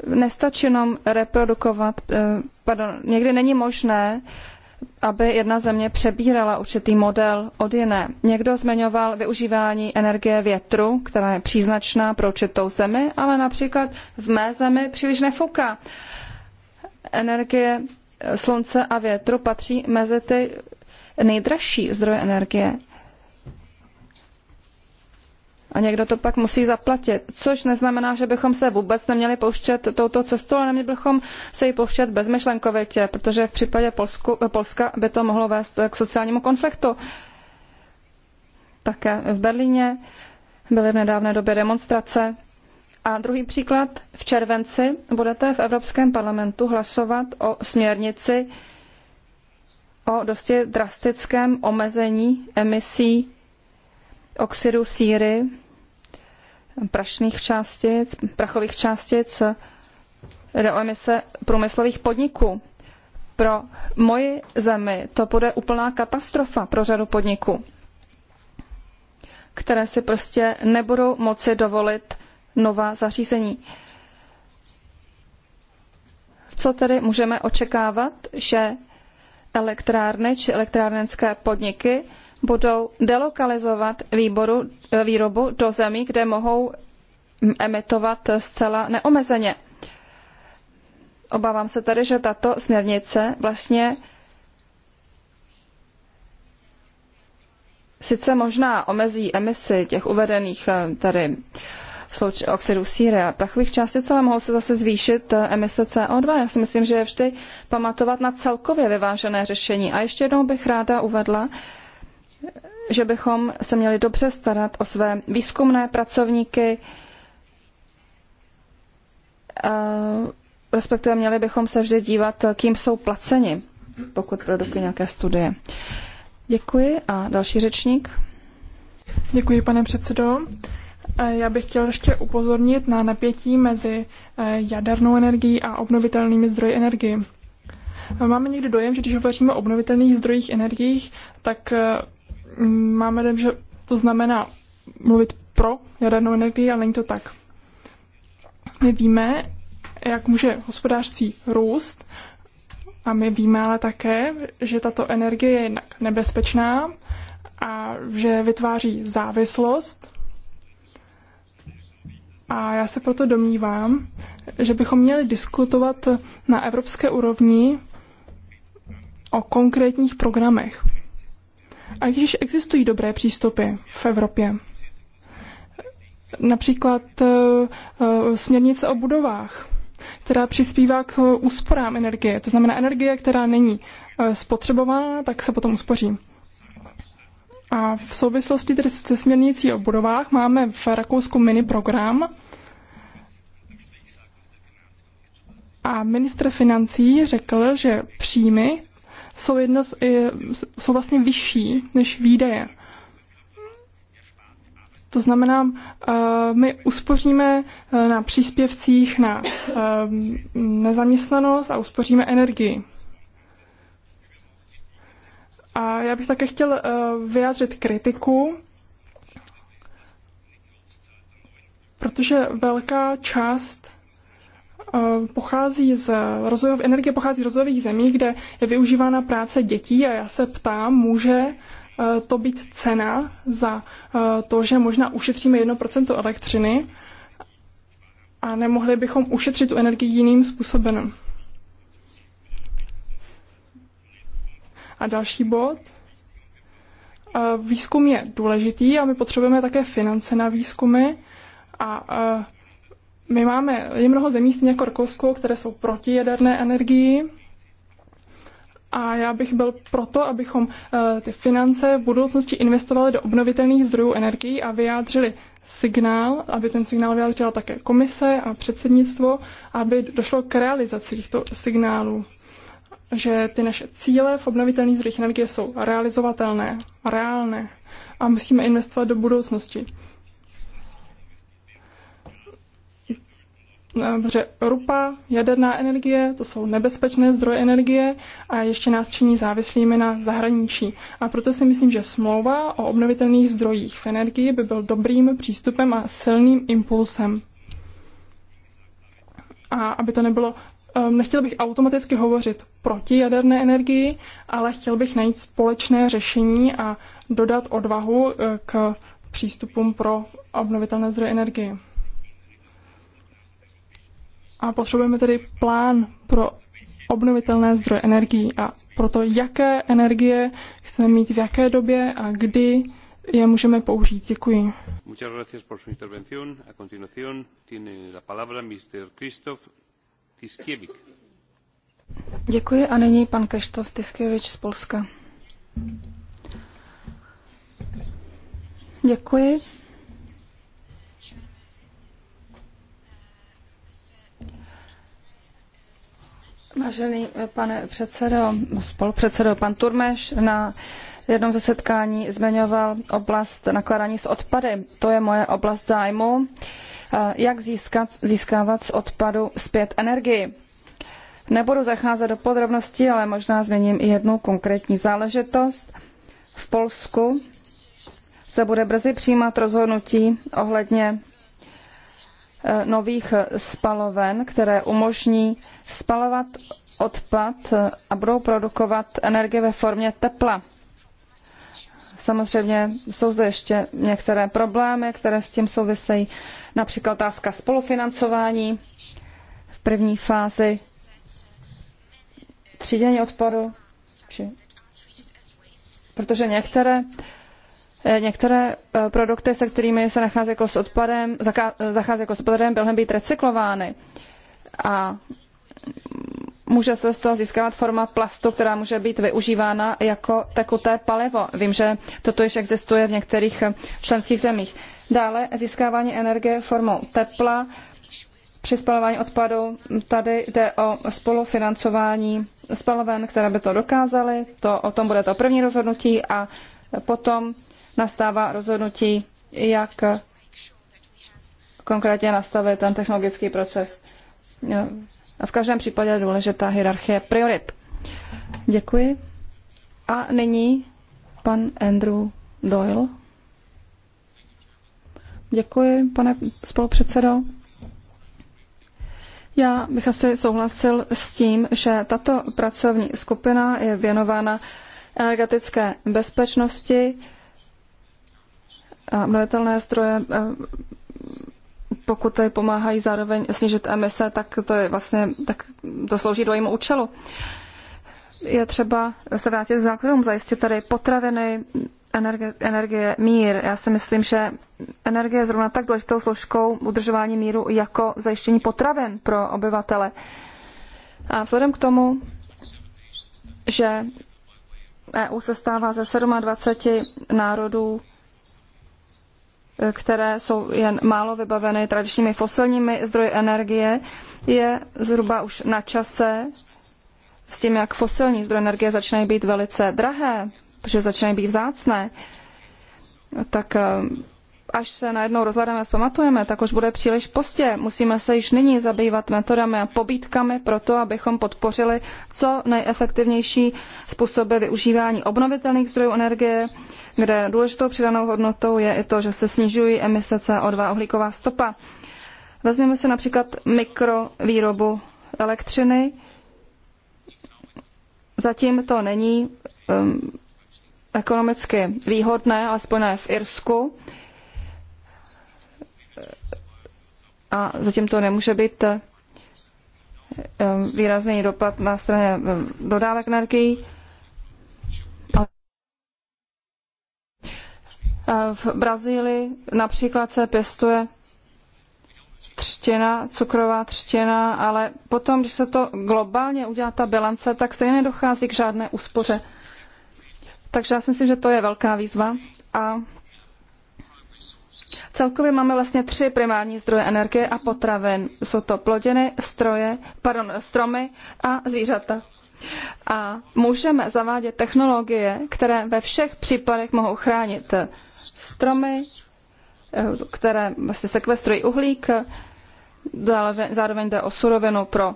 nestačí jenom reprodukovat, eh, pardon, někdy není možné, aby jedna země přebírala určitý model od jiné. Někdo zmiňoval využívání energie větru, která je příznačná pro určitou zemi, ale například v mé zemi příliš nefouká. Energie slunce a větru patří mezi ty nejdražší zdroje energie a někdo to pak musí zaplatit. Což neznamená, že bychom se vůbec neměli pouštět touto cestou, ale neměli bychom se ji pouštět bezmyšlenkovitě, protože v případě Polsku, Polska by to mohlo vést k sociálnímu konfliktu. Také v Berlíně byly v nedávné době demonstrace. A druhý příklad, v červenci budete v Evropském parlamentu hlasovat o směrnici o dosti drastickém omezení emisí oxidu síry, prašných částic, prachových částic, jde o emise průmyslových podniků. Pro moji zemi to bude úplná katastrofa pro řadu podniků, které si prostě nebudou moci dovolit nová zařízení. Co tedy můžeme očekávat, že elektrárny či elektrárenské podniky budou delokalizovat výboru, eh, výrobu do zemí, kde mohou emitovat zcela neomezeně. Obávám se tedy, že tato směrnice vlastně sice možná omezí emisi těch uvedených eh, tady oxidů oxidu síry a prachových částic, ale mohou se zase zvýšit eh, emise CO2. Já si myslím, že je vždy pamatovat na celkově vyvážené řešení. A ještě jednou bych ráda uvedla, že bychom se měli dobře starat o své výzkumné pracovníky, respektive měli bychom se vždy dívat, kým jsou placeni, pokud produkují nějaké studie. Děkuji a další řečník. Děkuji, pane předsedo. Já bych chtěl ještě upozornit na napětí mezi e, jadernou energií a obnovitelnými zdroji energie. Máme někdy dojem, že když hovoříme o obnovitelných zdrojích energií, tak e, máme dojem, že to znamená mluvit pro jadernou energii, ale není to tak. My víme, jak může hospodářství růst a my víme ale také, že tato energie je jednak nebezpečná a že vytváří závislost. A já se proto domnívám, že bychom měli diskutovat na evropské úrovni o konkrétních programech. A když existují dobré přístupy v Evropě. Například eh, eh, směrnice o budovách, která přispívá k eh, úsporám energie. To znamená, energie, která není spotřebována, tak se potom uspoří. A v souvislosti tedy se směrnicí o budovách máme v Rakousku mini program, a ministr financí řekl, že příjmy jsou, jedno, jsou vlastně vyšší než výdaje. To znamená, eh, my uspoříme eh, na příspěvcích na eh, nezaměstnanost a uspoříme energii. A já bych také chtěl vyjádřit kritiku, protože velká část Eh, pochází z rozvojov, energie pochází z rozvojových zemí, kde je využívána práce dětí a já se ptám, může eh, to být cena za eh, to, že možná ušetříme 1% elektřiny a nemohli bychom ušetřit tu energii jiným způsobem. A další bod. Výzkum je důležitý a my potřebujeme také finance na výzkumy a my máme, je mnoho zemí, stejně jako Rakousko, které jsou proti jaderné energii. A já bych byl proto, abychom eh, ty finance v budoucnosti investovali do obnovitelných zdrojů energií a vyjádřili signál, aby ten signál vyjádřila také komise a předsednictvo, aby došlo k realizaci těchto signálů že ty naše cíle v obnovitelných zdrojích energie jsou realizovatelné, reálné a musíme investovat do budoucnosti. rupa, jaderná energie, to jsou nebezpečné zdroje energie a ještě nás činí závislými na zahraničí. A proto si myslím, že smlouva o obnovitelných zdrojích v energii by byl dobrým přístupem a silným impulsem. A aby to nebylo, ehm, nechtěl bych automaticky hovořit proti jaderné energii, ale chtěl bych najít společné řešení a dodat odvahu eh, k přístupům pro obnovitelné zdroje energie a potřebujeme tedy plán pro obnovitelné zdroje energií a proto, jaké energie chceme mít v jaké době a kdy je můžeme použít. Děkuji. Muchas gracias por su intervención. A continuación tiene la palabra Mr. Tiskiewicz. Děkuji a nyní pan Krištof Tiskevič z Polska. Děkuji. Vážený eh, pane předsedo, spolupředsedo, pan Turmeš na jednom ze setkání zmiňoval oblast nakládání s odpady. To je moje oblast zájmu, eh, jak získat, získávat z odpadu zpět energii. Nebudu zacházet do podrobností, ale možná změním i jednu konkrétní záležitost. V Polsku se bude brzy přijímat rozhodnutí ohledně Eh, nových spaloven, které umožní spalovat odpad eh, a budou produkovat energie ve formě tepla. Samozřejmě jsou zde ještě některé problémy, které s tím souvisejí. Například otázka spolufinancování v první fázi třídění odpadu, či protože některé Eh, některé eh, produkty, se kterými se nachází jako s odpadem, eh, zachází jako s odpadem, by být recyklovány. A může se z toho získávat forma plastu, která může být využívána jako tekuté palivo. Vím, že toto již existuje v některých členských zemích. Dále získávání energie formou tepla, při spalování odpadu tady jde o spolufinancování spaloven, které by to dokázaly. To, o tom bude to první rozhodnutí a potom nastává rozhodnutí, jak konkrétně nastavit ten technologický proces. A v každém případě je důležitá hierarchie priorit. Děkuji. A nyní pan Andrew Doyle. Děkuji, pane spolupředsedo. Já bych asi souhlasil s tím, že tato pracovní skupina je věnována energetické bezpečnosti obnovitelné zdroje, eh, pokud tady pomáhají zároveň snížit emise, tak to je vlastně, tak to slouží dvojímu účelu. Je třeba se vrátit k základům, zajistit tady potraviny, energie, energie, mír. Já si myslím, že energie je zrovna tak důležitou složkou udržování míru jako zajištění potravin pro obyvatele. A vzhledem k tomu, že EU se stává ze 27 národů které jsou jen málo vybaveny tradičními fosilními zdroji energie, je zhruba už na čase s tím, jak fosilní zdroje energie začínají být velice drahé, protože začínají být vzácné, tak až se najednou rozhledeme a zpamatujeme, tak už bude příliš pozdě. Musíme se již nyní zabývat metodami a pobídkami pro to, abychom podpořili co nejefektivnější způsoby využívání obnovitelných zdrojů energie, kde důležitou přidanou hodnotou je i to, že se snižují emise CO2 uhlíková stopa. Vezměme si například mikrovýrobu elektřiny. Zatím to není um, ekonomicky výhodné, alespoň ne v Irsku a zatím to nemůže být eh, výrazný dopad na straně eh, dodávek energií. V Brazílii například se pěstuje třtěna, cukrová třtěna, ale potom, když se to globálně udělá ta bilance, tak se nedochází k žádné úspoře. Takže já si myslím, že to je velká výzva a Celkově máme vlastně tři primární zdroje energie a potravin. Jsou to plodiny, stroje, pardon, stromy a zvířata. A můžeme zavádět technologie, které ve všech případech mohou chránit stromy, které vlastně sekvestrují uhlík, dále zároveň jde o surovinu pro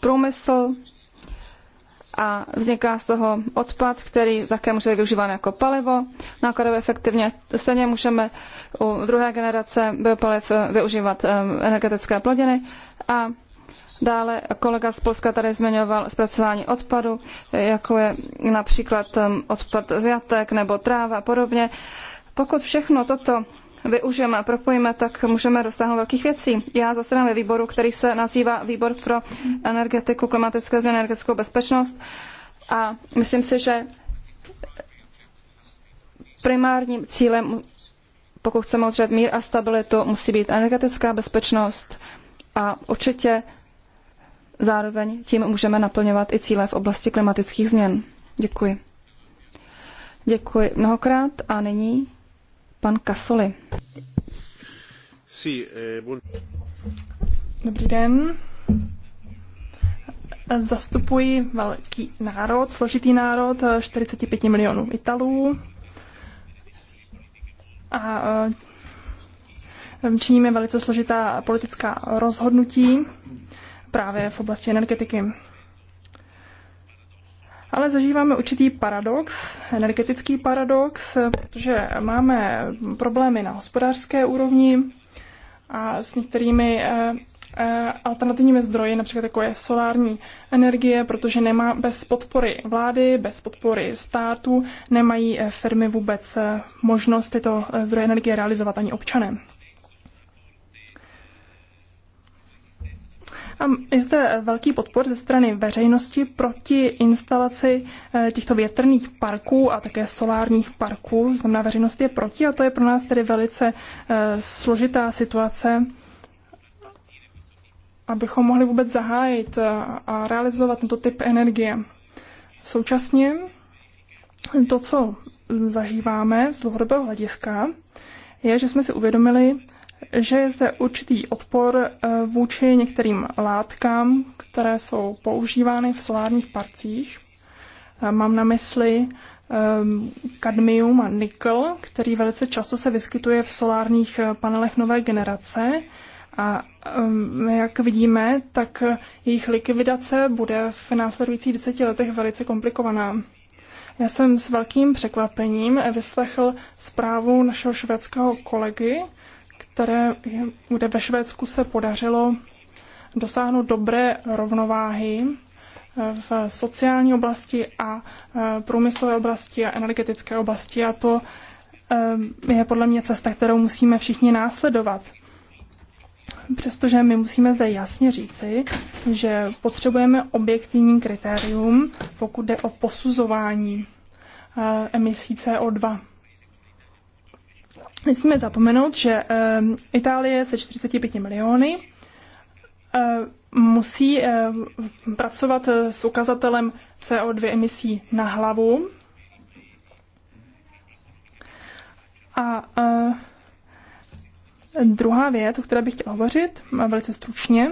průmysl, a vzniká z toho odpad, který také může být využíván jako palivo. Nákladově efektivně stejně můžeme u druhé generace biopaliv eh, využívat eh, energetické plodiny a Dále kolega z Polska tady zmiňoval zpracování odpadu, jako je například eh, odpad z jatek nebo tráva a podobně. Pokud všechno toto využijeme a propojíme, tak můžeme dosáhnout velkých věcí. Já zasedám ve výboru, který se nazývá Výbor pro energetiku, klimatické změny, energetickou bezpečnost a myslím si, že primárním cílem, pokud chceme udržet mír a stabilitu, musí být energetická bezpečnost a určitě zároveň tím můžeme naplňovat i cíle v oblasti klimatických změn. Děkuji. Děkuji mnohokrát a nyní Pan Kasoli. Eh, Dobrý den. Zastupuji velký národ, složitý národ 45 milionů Italů. A eh, činíme velice složitá politická rozhodnutí právě v oblasti energetiky. Ale zažíváme určitý paradox, energetický paradox, protože máme problémy na hospodářské úrovni a s některými eh, eh, alternativními zdroji, například jako je solární energie, protože nemá bez podpory vlády, bez podpory státu, nemají eh, firmy vůbec možnost tyto zdroje energie realizovat ani občanem. je zde velký podpor ze strany veřejnosti proti instalaci eh, těchto větrných parků a také solárních parků. Znamená, veřejnost je proti a to je pro nás tedy velice eh, složitá situace, abychom mohli vůbec zahájit eh, a realizovat tento typ energie. Současně to, co zažíváme z dlouhodobého hlediska, je, že jsme si uvědomili, že je zde určitý odpor eh, vůči některým látkám, které jsou používány v solárních parcích. Eh, mám na mysli eh, kadmium a nikl, který velice často se vyskytuje v solárních panelech nové generace. A ehm, jak vidíme, tak jejich likvidace bude v následujících deseti letech velice komplikovaná. Já jsem s velkým překvapením vyslechl zprávu našeho švédského kolegy, které, kde ve Švédsku se podařilo dosáhnout dobré rovnováhy eh, v sociální oblasti a eh, průmyslové oblasti a energetické oblasti a to eh, je podle mě cesta, kterou musíme všichni následovat. Přestože my musíme zde jasně říci, že potřebujeme objektivní kritérium, pokud jde o posuzování emisí CO2. Nesmíme zapomenout, že ehm, Itálie se 45 miliony ehm, musí ehm, pracovat eh, s ukazatelem CO2 emisí na hlavu. A eh, druhá věc, o které bych chtěla hovořit, velice stručně,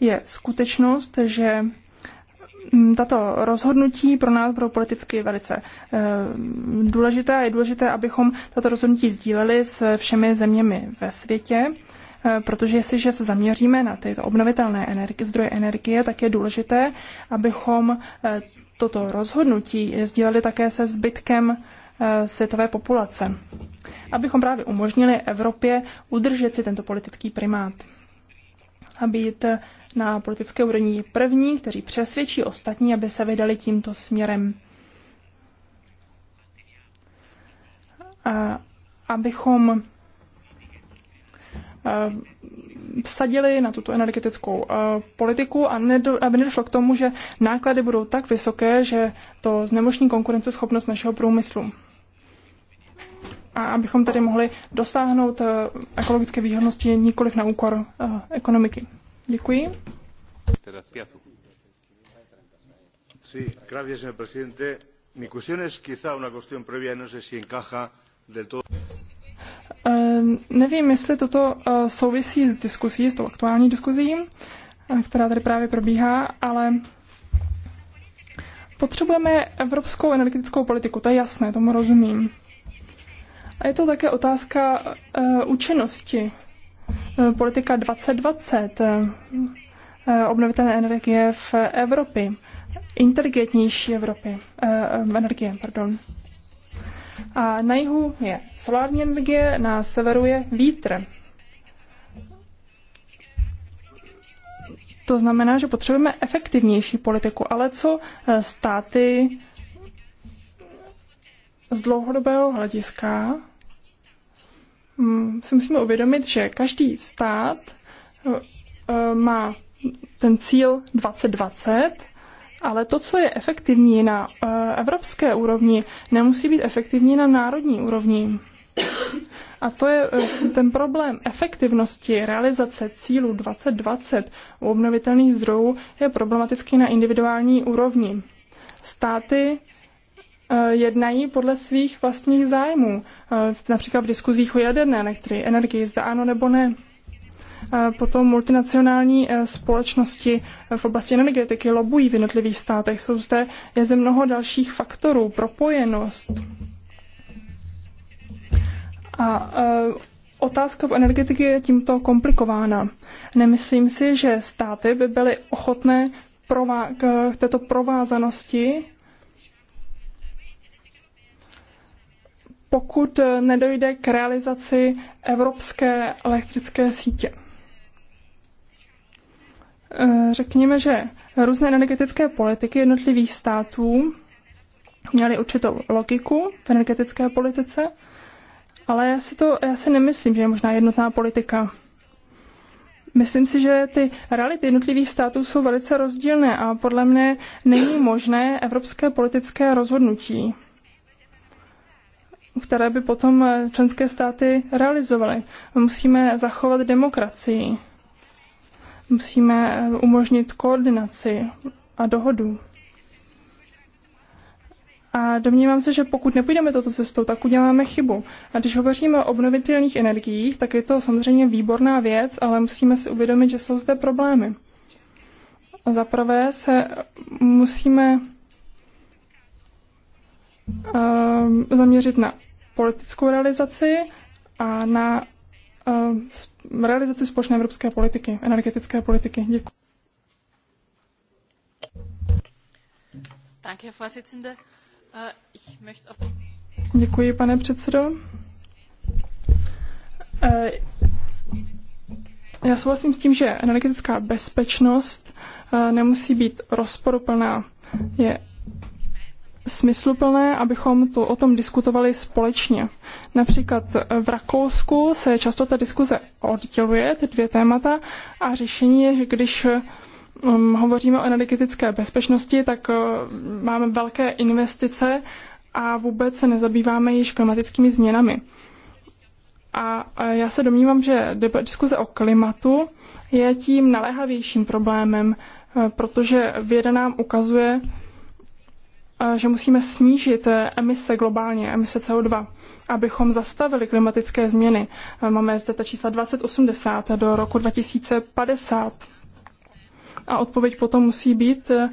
je skutečnost, že Mm, tato rozhodnutí pro nás budou politicky velice eh, důležité a je důležité, abychom tato rozhodnutí sdíleli s všemi zeměmi ve světě, eh, protože jestliže se zaměříme na tyto obnovitelné energie, zdroje energie, tak je důležité, abychom eh, toto rozhodnutí sdíleli také se zbytkem světové populace, abychom právě umožnili Evropě udržet si tento politický primát a být na politické úrovni první, kteří přesvědčí ostatní, aby se vydali tímto směrem. A abychom eh, vsadili na tuto energetickou eh, politiku a nedo, aby nedošlo k tomu, že náklady budou tak vysoké, že to znemožní konkurenceschopnost našeho průmyslu. A abychom tedy mohli dosáhnout eh, ekologické výhodnosti nikoliv na úkor ekonomiky señor presidente. Mi cuestión es quizá una cuestión previa, no sé si encaja del todo. Eh, nevím, jestli toto eh, souvisí s diskusí, s tou aktuální diskuzí, eh, která tady právě probíhá, ale potřebujeme evropskou energetickou politiku, to je jasné, tomu rozumím. A je to také otázka účinnosti Eh, politika 2020, eh, eh, obnovitelné energie v Evropě, inteligentnější Evropy, energie, pardon. A na jihu je solární energie, na severu je vítr. To znamená, že potřebujeme efektivnější politiku, ale co státy z dlouhodobého hlediska Mm, si musíme uvědomit, že každý stát eh, eh, má ten cíl 2020, ale to, co je efektivní na eh, evropské úrovni, nemusí být efektivní na národní úrovni. A to je ten problém efektivnosti realizace cílu 2020 u obnovitelných zdrojů je problematický na individuální úrovni. Státy Eh, jednají podle svých vlastních zájmů. Eh, například v diskuzích o jaderné elektrii, energii, zda ano nebo ne. Eh, potom multinacionální společnosti v oblasti energetiky lobují v jednotlivých státech. Jsou zde, je zde mnoho dalších faktorů, propojenost. A Otázka v energetiky je tímto komplikována. Nemyslím si, že státy by byly ochotné k této provázanosti pokud eh, nedojde k realizaci evropské elektrické sítě. Eh, řekněme, že různé energetické politiky jednotlivých států měly určitou logiku v energetické politice, ale já si, to, já si nemyslím, že je možná jednotná politika. Myslím si, že ty reality jednotlivých států jsou velice rozdílné a podle mne není možné evropské politické rozhodnutí které by potom eh, členské státy realizovaly. Musíme zachovat demokracii. Musíme eh, umožnit koordinaci a dohodu. A domnívám se, že pokud nepůjdeme toto cestou, tak uděláme chybu. A když hovoříme o obnovitelných energiích, tak je to samozřejmě výborná věc, ale musíme si uvědomit, že jsou zde problémy. Za se musíme Ehm, zaměřit na politickou realizaci a na ehm, realizaci společné evropské politiky, energetické politiky. Děkuji. Äh, Děkuji, pane předsedo. Äh, já souhlasím s tím, že energetická bezpečnost äh, nemusí být rozporuplná. Je smysluplné, abychom to, o tom diskutovali společně. Například v Rakousku se často ta diskuze odděluje, ty dvě témata, a řešení je, že když um, hovoříme o energetické bezpečnosti, tak um, máme velké investice a vůbec se nezabýváme již klimatickými změnami. A já se domnívám, že diskuze o klimatu je tím naléhavějším problémem, uh, protože věda nám ukazuje, že musíme snížit emise globálně, emise CO2, abychom zastavili klimatické změny. Máme zde ta čísla 2080 do roku 2050. A odpověď potom musí být, e,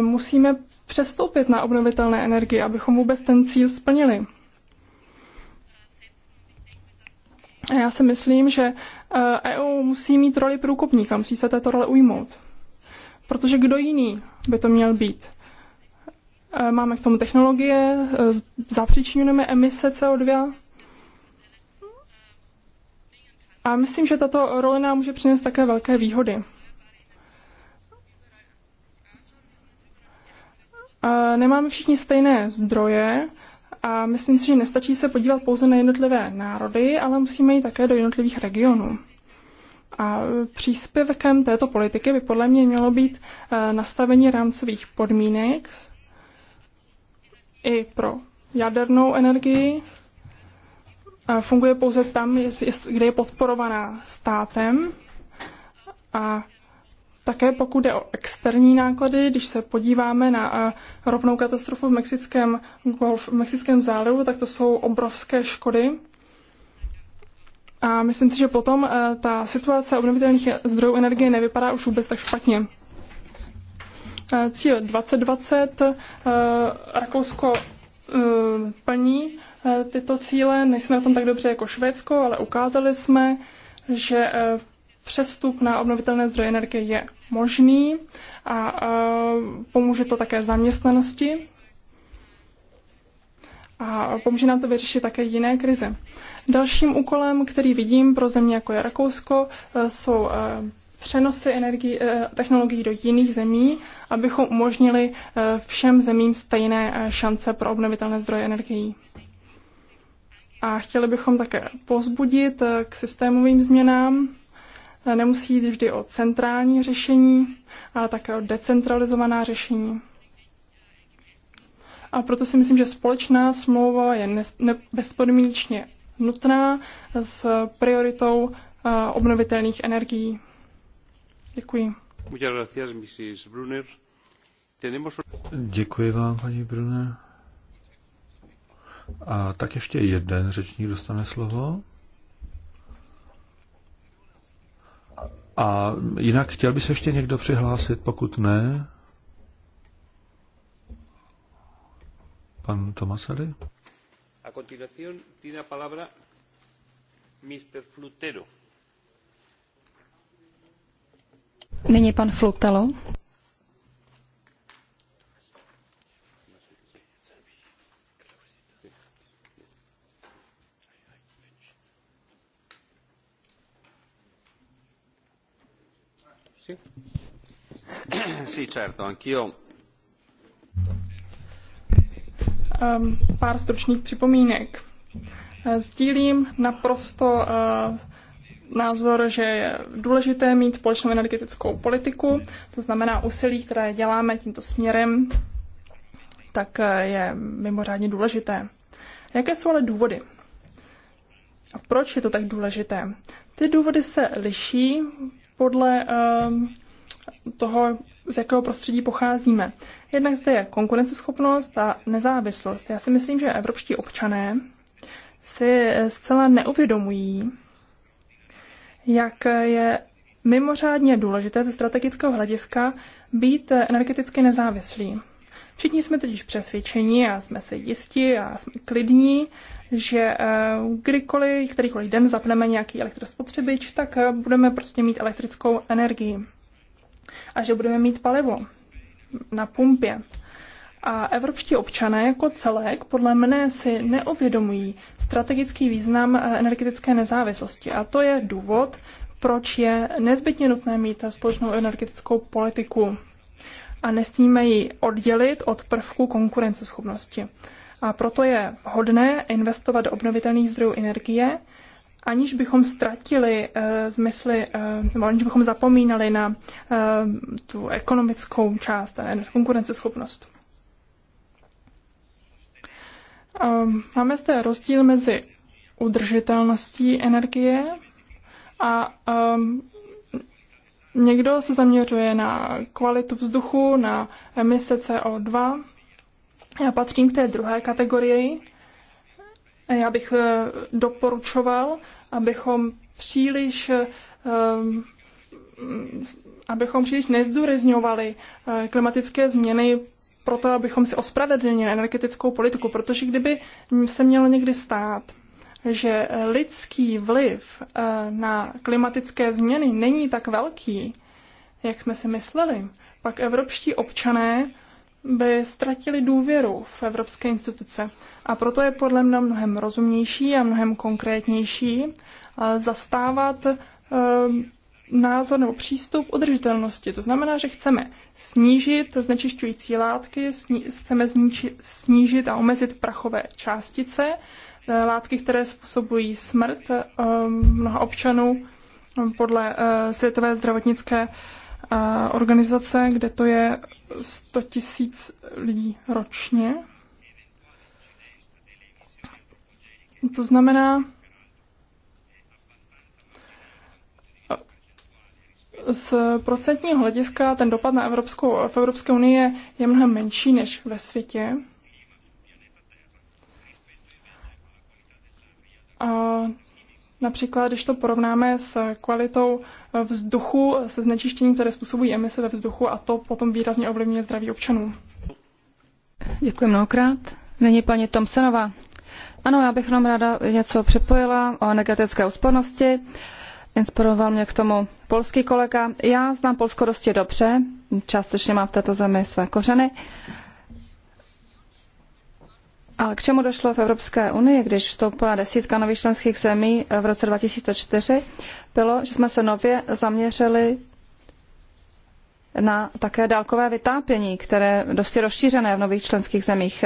musíme přestoupit na obnovitelné energie, abychom vůbec ten cíl splnili. A já si myslím, že EU e musí mít roli průkopníka, musí se této role ujmout. Protože kdo jiný by to měl být? Eh, máme k tomu technologie, eh, zapříčinujeme emise CO2. A myslím, že tato nám může přinést také velké výhody. Eh, nemáme všichni stejné zdroje a myslím si, že nestačí se podívat pouze na jednotlivé národy, ale musíme jít také do jednotlivých regionů. A příspěvkem této politiky by podle mě mělo být nastavení rámcových podmínek i pro jadernou energii. Funguje pouze tam, kde je podporovaná státem. A také pokud jde o externí náklady, když se podíváme na ropnou katastrofu v Mexickém, golf, v Mexickém zálivu, tak to jsou obrovské škody. A myslím si, že potom ta situace obnovitelných zdrojů energie nevypadá už vůbec tak špatně cíl 2020. Eh, Rakousko eh, plní eh, tyto cíle. Nejsme na tom tak dobře jako Švédsko, ale ukázali jsme, že přestup na obnovitelné zdroje energie je možný a pomůže to také zaměstnanosti a pomůže nám to vyřešit také jiné krize. Dalším úkolem, který vidím pro země jako je Rakousko, jsou přenosy energii, eh, technologií do jiných zemí, abychom umožnili eh, všem zemím stejné eh, šance pro obnovitelné zdroje energií. A chtěli bychom také pozbudit k systémovým změnám. Nemusí jít vždy o centrální řešení, ale také o decentralizovaná řešení. A proto si myslím, že společná smlouva je bezpodmínečně nutná s prioritou obnovitelných energií. Děkuji. vám, paní Brunner. A tak ještě jeden řečník dostane slovo. A jinak chtěl by se ještě někdo přihlásit, pokud ne? Pan Tomasely? A continuación tiene la palabra Mr. Flutero. Nyní pan Flutelo. Ehm, pár stručných připomínek. Sdílím naprosto eh, názor, že je důležité mít společnou energetickou politiku, to znamená úsilí, které děláme tímto směrem, tak eh, je mimořádně důležité. Jaké jsou ale důvody? A proč je to tak důležité? Ty důvody se liší podle ehm, toho, z jakého prostředí pocházíme. Jednak zde je konkurenceschopnost a nezávislost. Já si myslím, že evropští občané si eh, zcela neuvědomují, jak je mimořádně důležité ze strategického hlediska být energeticky nezávislí. Všichni jsme totiž přesvědčeni a jsme si jisti a jsme klidní, že eh, kdykoliv, kterýkoliv den zapneme nějaký elektrospotřebič, tak eh, budeme prostě mít elektrickou energii. A že budeme mít palivo na pumpě. A evropští občané jako celek podle mne si neuvědomují strategický význam eh, energetické nezávislosti. A to je důvod, proč je nezbytně nutné mít společnou energetickou politiku a nesmíme ji oddělit od prvku konkurenceschopnosti. A proto je vhodné investovat do obnovitelných zdrojů energie, aniž bychom ztratili e, zmysly, e, nebo aniž bychom zapomínali na e, tu ekonomickou část, na konkurenceschopnost. Ehm, máme zde rozdíl mezi udržitelností energie a ehm, někdo se zaměřuje na kvalitu vzduchu, na emise CO2. Já patřím k té druhé kategorii. Já bych eh, doporučoval, abychom příliš ehm, abychom příliš nezdůrazňovali eh, klimatické změny proto, abychom si ospravedlnili energetickou politiku, protože kdyby se mělo někdy stát, že lidský vliv eh, na klimatické změny není tak velký, jak jsme si mysleli, pak evropští občané by ztratili důvěru v evropské instituce. A proto je podle mě mnohem rozumnější a mnohem konkrétnější eh, zastávat eh, názor nebo přístup udržitelnosti. To znamená, že chceme snížit znečišťující látky, sní, chceme zniči, snížit a omezit prachové částice, eh, látky, které způsobují smrt eh, mnoha občanů eh, podle Světové zdravotnické organizace, kde to je 100 tisíc lidí ročně. To znamená, z procentního hlediska ten dopad na Evropskou, v Evropské unii je, je mnohem menší než ve světě. A například, když to porovnáme s kvalitou vzduchu, se znečištěním, které způsobují emise ve vzduchu a to potom výrazně ovlivňuje zdraví občanů. Děkuji mnohokrát. Nyní paní Tomsenová. Ano, já bych nám ráda něco připojila o energetické úspornosti. Uh, Inspiroval mě k tomu polský kolega. Já znám Polsko dosti dobře, částečně mám v této zemi své kořeny. Ale k čemu došlo v Evropské unii, když vstoupila desítka nových členských zemí v roce 2004, bylo, že jsme se nově zaměřili na také dálkové vytápění, které je dosti rozšířené v nových členských zemích.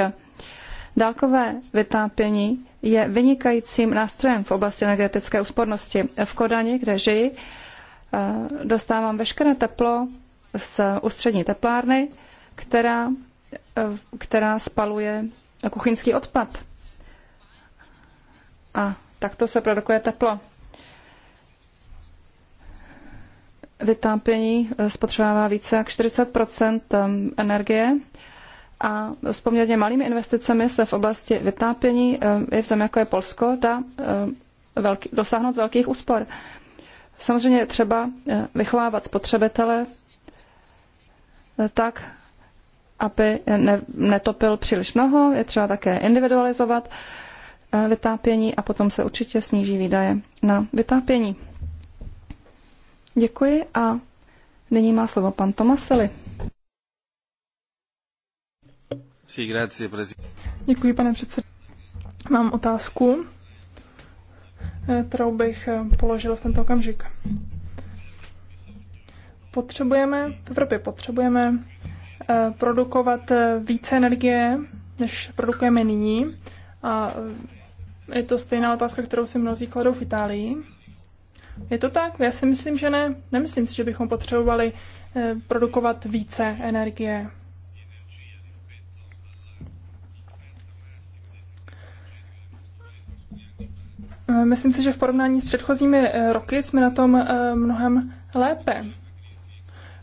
Dálkové vytápění je vynikajícím nástrojem v oblasti energetické úspornosti. V Kodani, kde žiji, eh, dostávám veškeré teplo z ústřední teplárny, která, eh, která spaluje kuchyňský odpad. A takto se produkuje teplo. Vytápění eh, spotřebává více jak 40 energie a s poměrně malými investicemi se v oblasti vytápění eh, i v zemi, jako je Polsko, dá eh, velký, dosáhnout velkých úspor. Samozřejmě je třeba eh, vychovávat spotřebitele tak, aby ne, netopil příliš mnoho, je třeba také individualizovat vytápění a potom se určitě sníží výdaje na vytápění. Děkuji a nyní má slovo pan Tomasely. Děkuji, pane předsedo. Mám otázku, eh, kterou bych eh, položila v tento okamžik. Potřebujeme, v Evropě potřebujeme eh, produkovat více energie, než produkujeme nyní. A je to stejná otázka, kterou si mnozí kladou v Itálii. Je to tak? Já si myslím, že ne. Nemyslím si, že bychom potřebovali produkovat více energie. Myslím si, že v porovnání s předchozími eh, roky jsme na tom eh, mnohem lépe.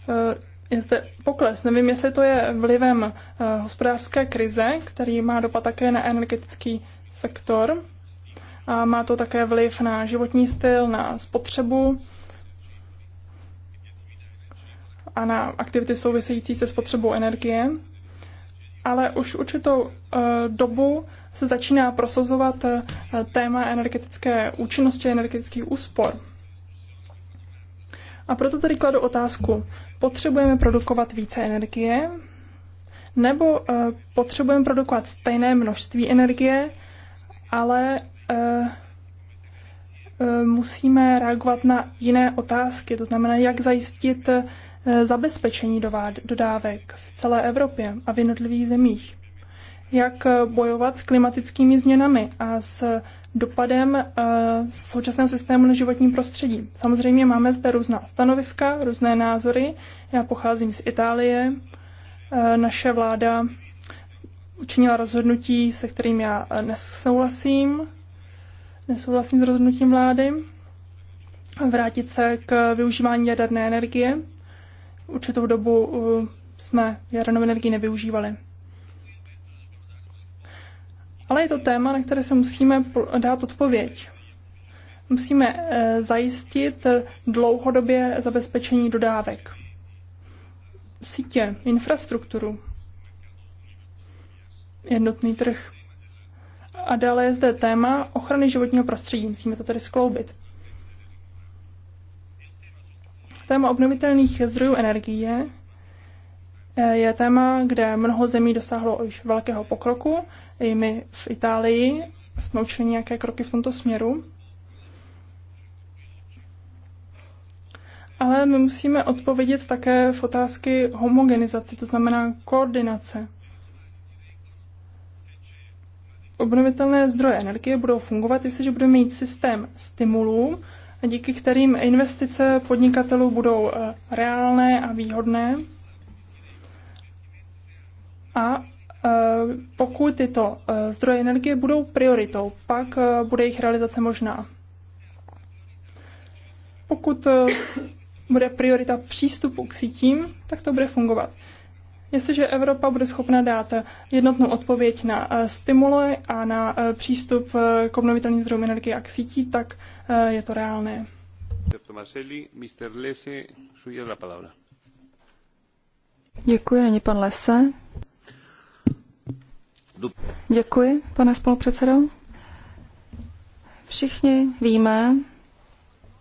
Eh, je zde pokles. Nevím, jestli to je vlivem hospodářské krize, který má dopad také na energetický sektor. A má to také vliv na životní styl, na spotřebu a na aktivity související se spotřebou energie ale už určitou eh, dobu se začíná prosazovat eh, téma energetické účinnosti a energetických úspor. A proto tedy kladu otázku, potřebujeme produkovat více energie, nebo eh, potřebujeme produkovat stejné množství energie, ale musíme reagovat na jiné otázky, to znamená, jak zajistit Eh, zabezpečení dodávek v celé Evropě a v jednotlivých zemích, jak eh, bojovat s klimatickými změnami a s dopadem eh, současného systému na životní prostředí. Samozřejmě máme zde různá stanoviska, různé názory. Já pocházím z Itálie. Naše vláda učinila rozhodnutí, se kterým já nesouhlasím. Nesouhlasím s rozhodnutím vlády vrátit se k využívání jaderné energie určitou dobu eh, jsme jadernou energii nevyužívali. Ale je to téma, na které se musíme dát odpověď. Musíme eh, zajistit dlouhodobě zabezpečení dodávek. Sítě, infrastrukturu, jednotný trh. A dále je zde téma ochrany životního prostředí. Musíme to tedy skloubit. Téma obnovitelných zdrojů energie eh, je téma, kde mnoho zemí dosáhlo už velkého pokroku. I my v Itálii jsme učili nějaké kroky v tomto směru. Ale my musíme odpovědět také v otázky homogenizace, to znamená koordinace. Obnovitelné zdroje energie budou fungovat, jestliže budeme mít systém stimulů, díky kterým investice podnikatelů budou eh, reálné a výhodné. A eh, pokud tyto eh, zdroje energie budou prioritou, pak bude jejich realizace možná. Pokud bude priorita přístupu k sítím, tak to bude fungovat. Jestliže Evropa bude schopna dát jednotnou odpověď na eh, stimuly a na eh, přístup eh, k obnovitelným zdrojům energie a k sítí, tak je to reálné. Děkuji, není pan Lese. Děkuji, pane spolupředsedo. Všichni víme,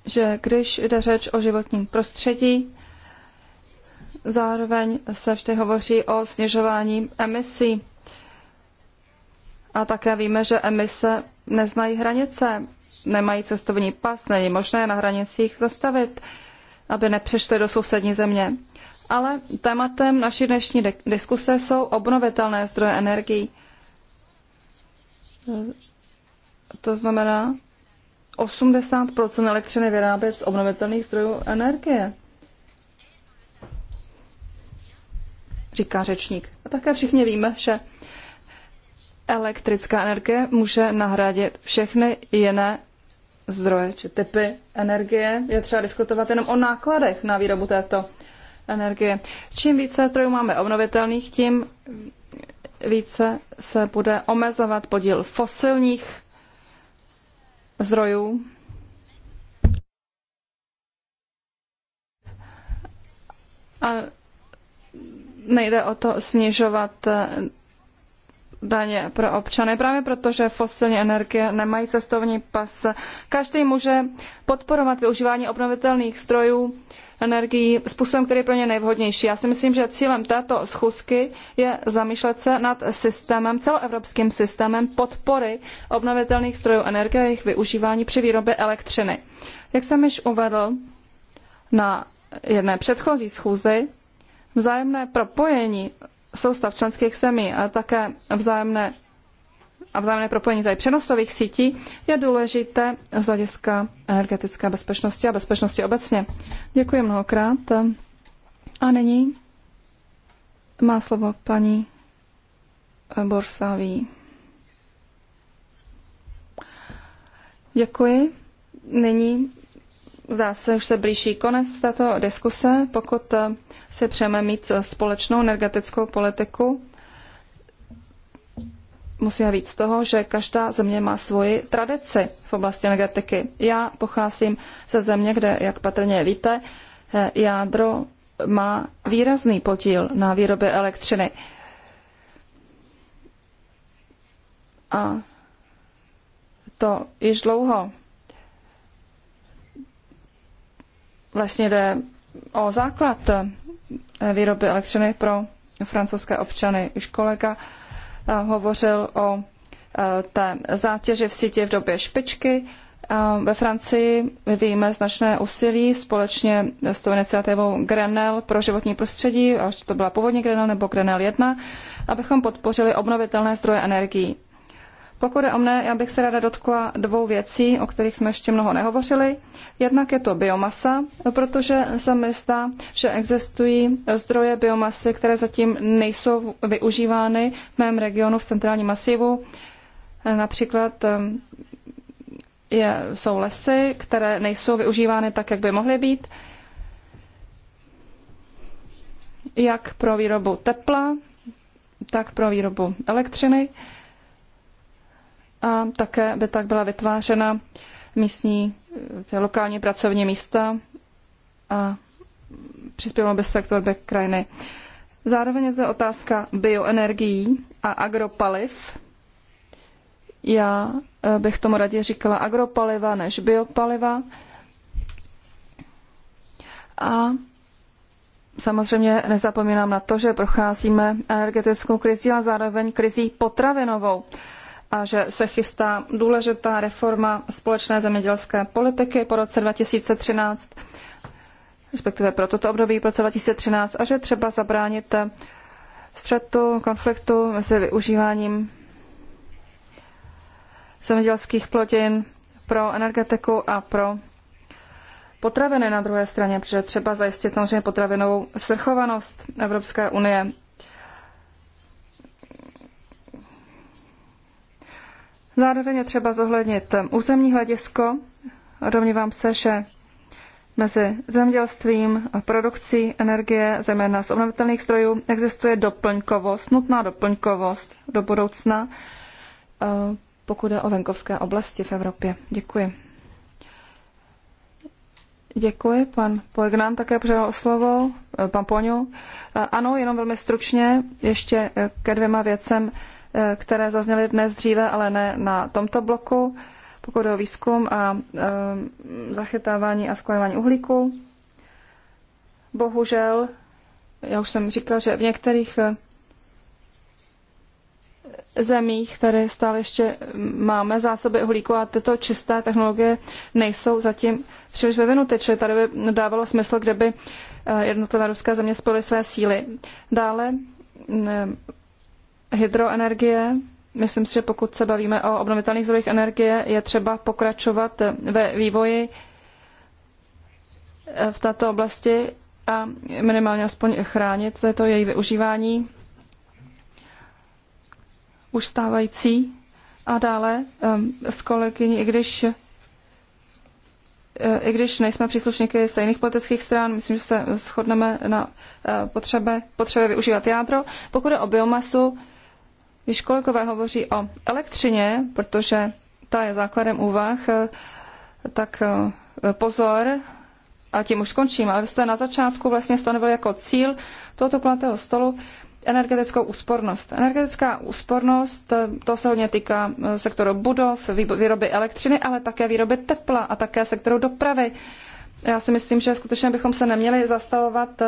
že když jde řeč o životním prostředí, Zároveň se vždy hovoří o snižování emisí. A také víme, že emise neznají hranice, nemají cestovní pas, není možné na hranicích zastavit, aby nepřešly do sousední země. Ale tématem naší dnešní diskuse jsou obnovitelné zdroje energií. To znamená 80 elektřiny vyrábět z obnovitelných zdrojů energie. říká řečník. A také všichni víme, že elektrická energie může nahradit všechny jiné zdroje či typy energie. Je třeba diskutovat jenom o nákladech na výrobu této energie. Čím více zdrojů máme obnovitelných, tím více se bude omezovat podíl fosilních zdrojů. A nejde o to snižovat eh, daně pro občany. Právě protože fosilní energie nemají cestovní pas. Každý může podporovat využívání obnovitelných strojů energií způsobem, který je pro ně nejvhodnější. Já si myslím, že cílem této schůzky je zamýšlet se nad systémem, celoevropským systémem podpory obnovitelných strojů energie a jejich využívání při výrobě elektřiny. Jak jsem již uvedl na jedné předchozí schůzi, vzájemné propojení soustav členských zemí a také vzájemné a vzájemné propojení tady přenosových sítí je důležité z hlediska energetické bezpečnosti a bezpečnosti obecně. Děkuji mnohokrát. A nyní má slovo paní Borsaví. Děkuji. Nyní Zdá se, už se blíží konec této diskuse. Pokud eh, si přejeme mít eh, společnou energetickou politiku, musíme víc z toho, že každá země má svoji tradici v oblasti energetiky. Já pocházím ze země, kde, jak patrně víte, eh, jádro má výrazný podíl na výrobě elektřiny. A to již dlouho. vlastně jde o základ eh, výroby elektřiny pro francouzské občany. Už kolega eh, hovořil o eh, té zátěži v síti v době špičky. Ve Francii vyvíjíme značné úsilí společně s tou iniciativou Grenel pro životní prostředí, až to byla původně Grenel nebo Grenel 1, abychom podpořili obnovitelné zdroje energií. Pokud je o mne, já bych se ráda dotkla dvou věcí, o kterých jsme ještě mnoho nehovořili. Jednak je to biomasa, protože jsem jistá, že existují zdroje biomasy, které zatím nejsou využívány v mém regionu v centrálním masivu. Například ehm, je, jsou lesy, které nejsou využívány tak, jak by mohly být, jak pro výrobu tepla, tak pro výrobu elektřiny a také by tak byla vytvářena místní, eh, lokální pracovní místa a přispělo by se k tvorbě krajiny. Zároveň je zde otázka bioenergií a agropaliv. Já eh, bych tomu raději říkala agropaliva než biopaliva. A samozřejmě nezapomínám na to, že procházíme energetickou krizi a zároveň krizí potravinovou a že se chystá důležitá reforma společné zemědělské politiky po roce 2013, respektive pro toto období po roce 2013, a že třeba zabránit střetu, konfliktu mezi využíváním zemědělských plodin pro energetiku a pro potraviny na druhé straně, protože třeba zajistit samozřejmě potravinovou svrchovanost Evropské unie Zároveň je třeba zohlednit územní hledisko. Domnívám se, že mezi zemědělstvím a produkcí energie, zejména z obnovitelných zdrojů, existuje doplňkovost, nutná doplňkovost do budoucna, eh, pokud je o venkovské oblasti v Evropě. Děkuji. Děkuji. Pan Pojgnan, také přijal o slovo. Eh, pan Poňu. Eh, ano, jenom velmi stručně ještě ke dvěma věcem. Eh, které zazněly dnes dříve, ale ne na tomto bloku, pokud o výzkum a eh, zachytávání a skladování uhlíku. Bohužel, já už jsem říkal, že v některých eh, zemích, které stále ještě máme zásoby uhlíku a tyto čisté technologie nejsou zatím příliš vyvinuty, čili tady by dávalo smysl, kdyby jednotlivé ruské země spojily své síly. Dále hydroenergie. Myslím si, že pokud se bavíme o obnovitelných zdrojích energie, je třeba pokračovat ve vývoji v této oblasti a minimálně aspoň chránit to její využívání už stávající. A dále um, s kolegyní, i když uh, i když nejsme příslušníky stejných politických stran, myslím, že se shodneme na uh, potřebe, využívat jádro. Pokud je o biomasu, když kolegové hovoří o elektřině, protože ta je základem úvah, tak eh, pozor, a tím už skončím, ale vy jste na začátku vlastně stanovili jako cíl tohoto kulatého stolu energetickou úspornost. Energetická úspornost, eh, to se hodně týká eh, sektoru budov, výroby elektřiny, ale také výroby tepla a také sektoru dopravy. Já si myslím, že skutečně bychom se neměli zastavovat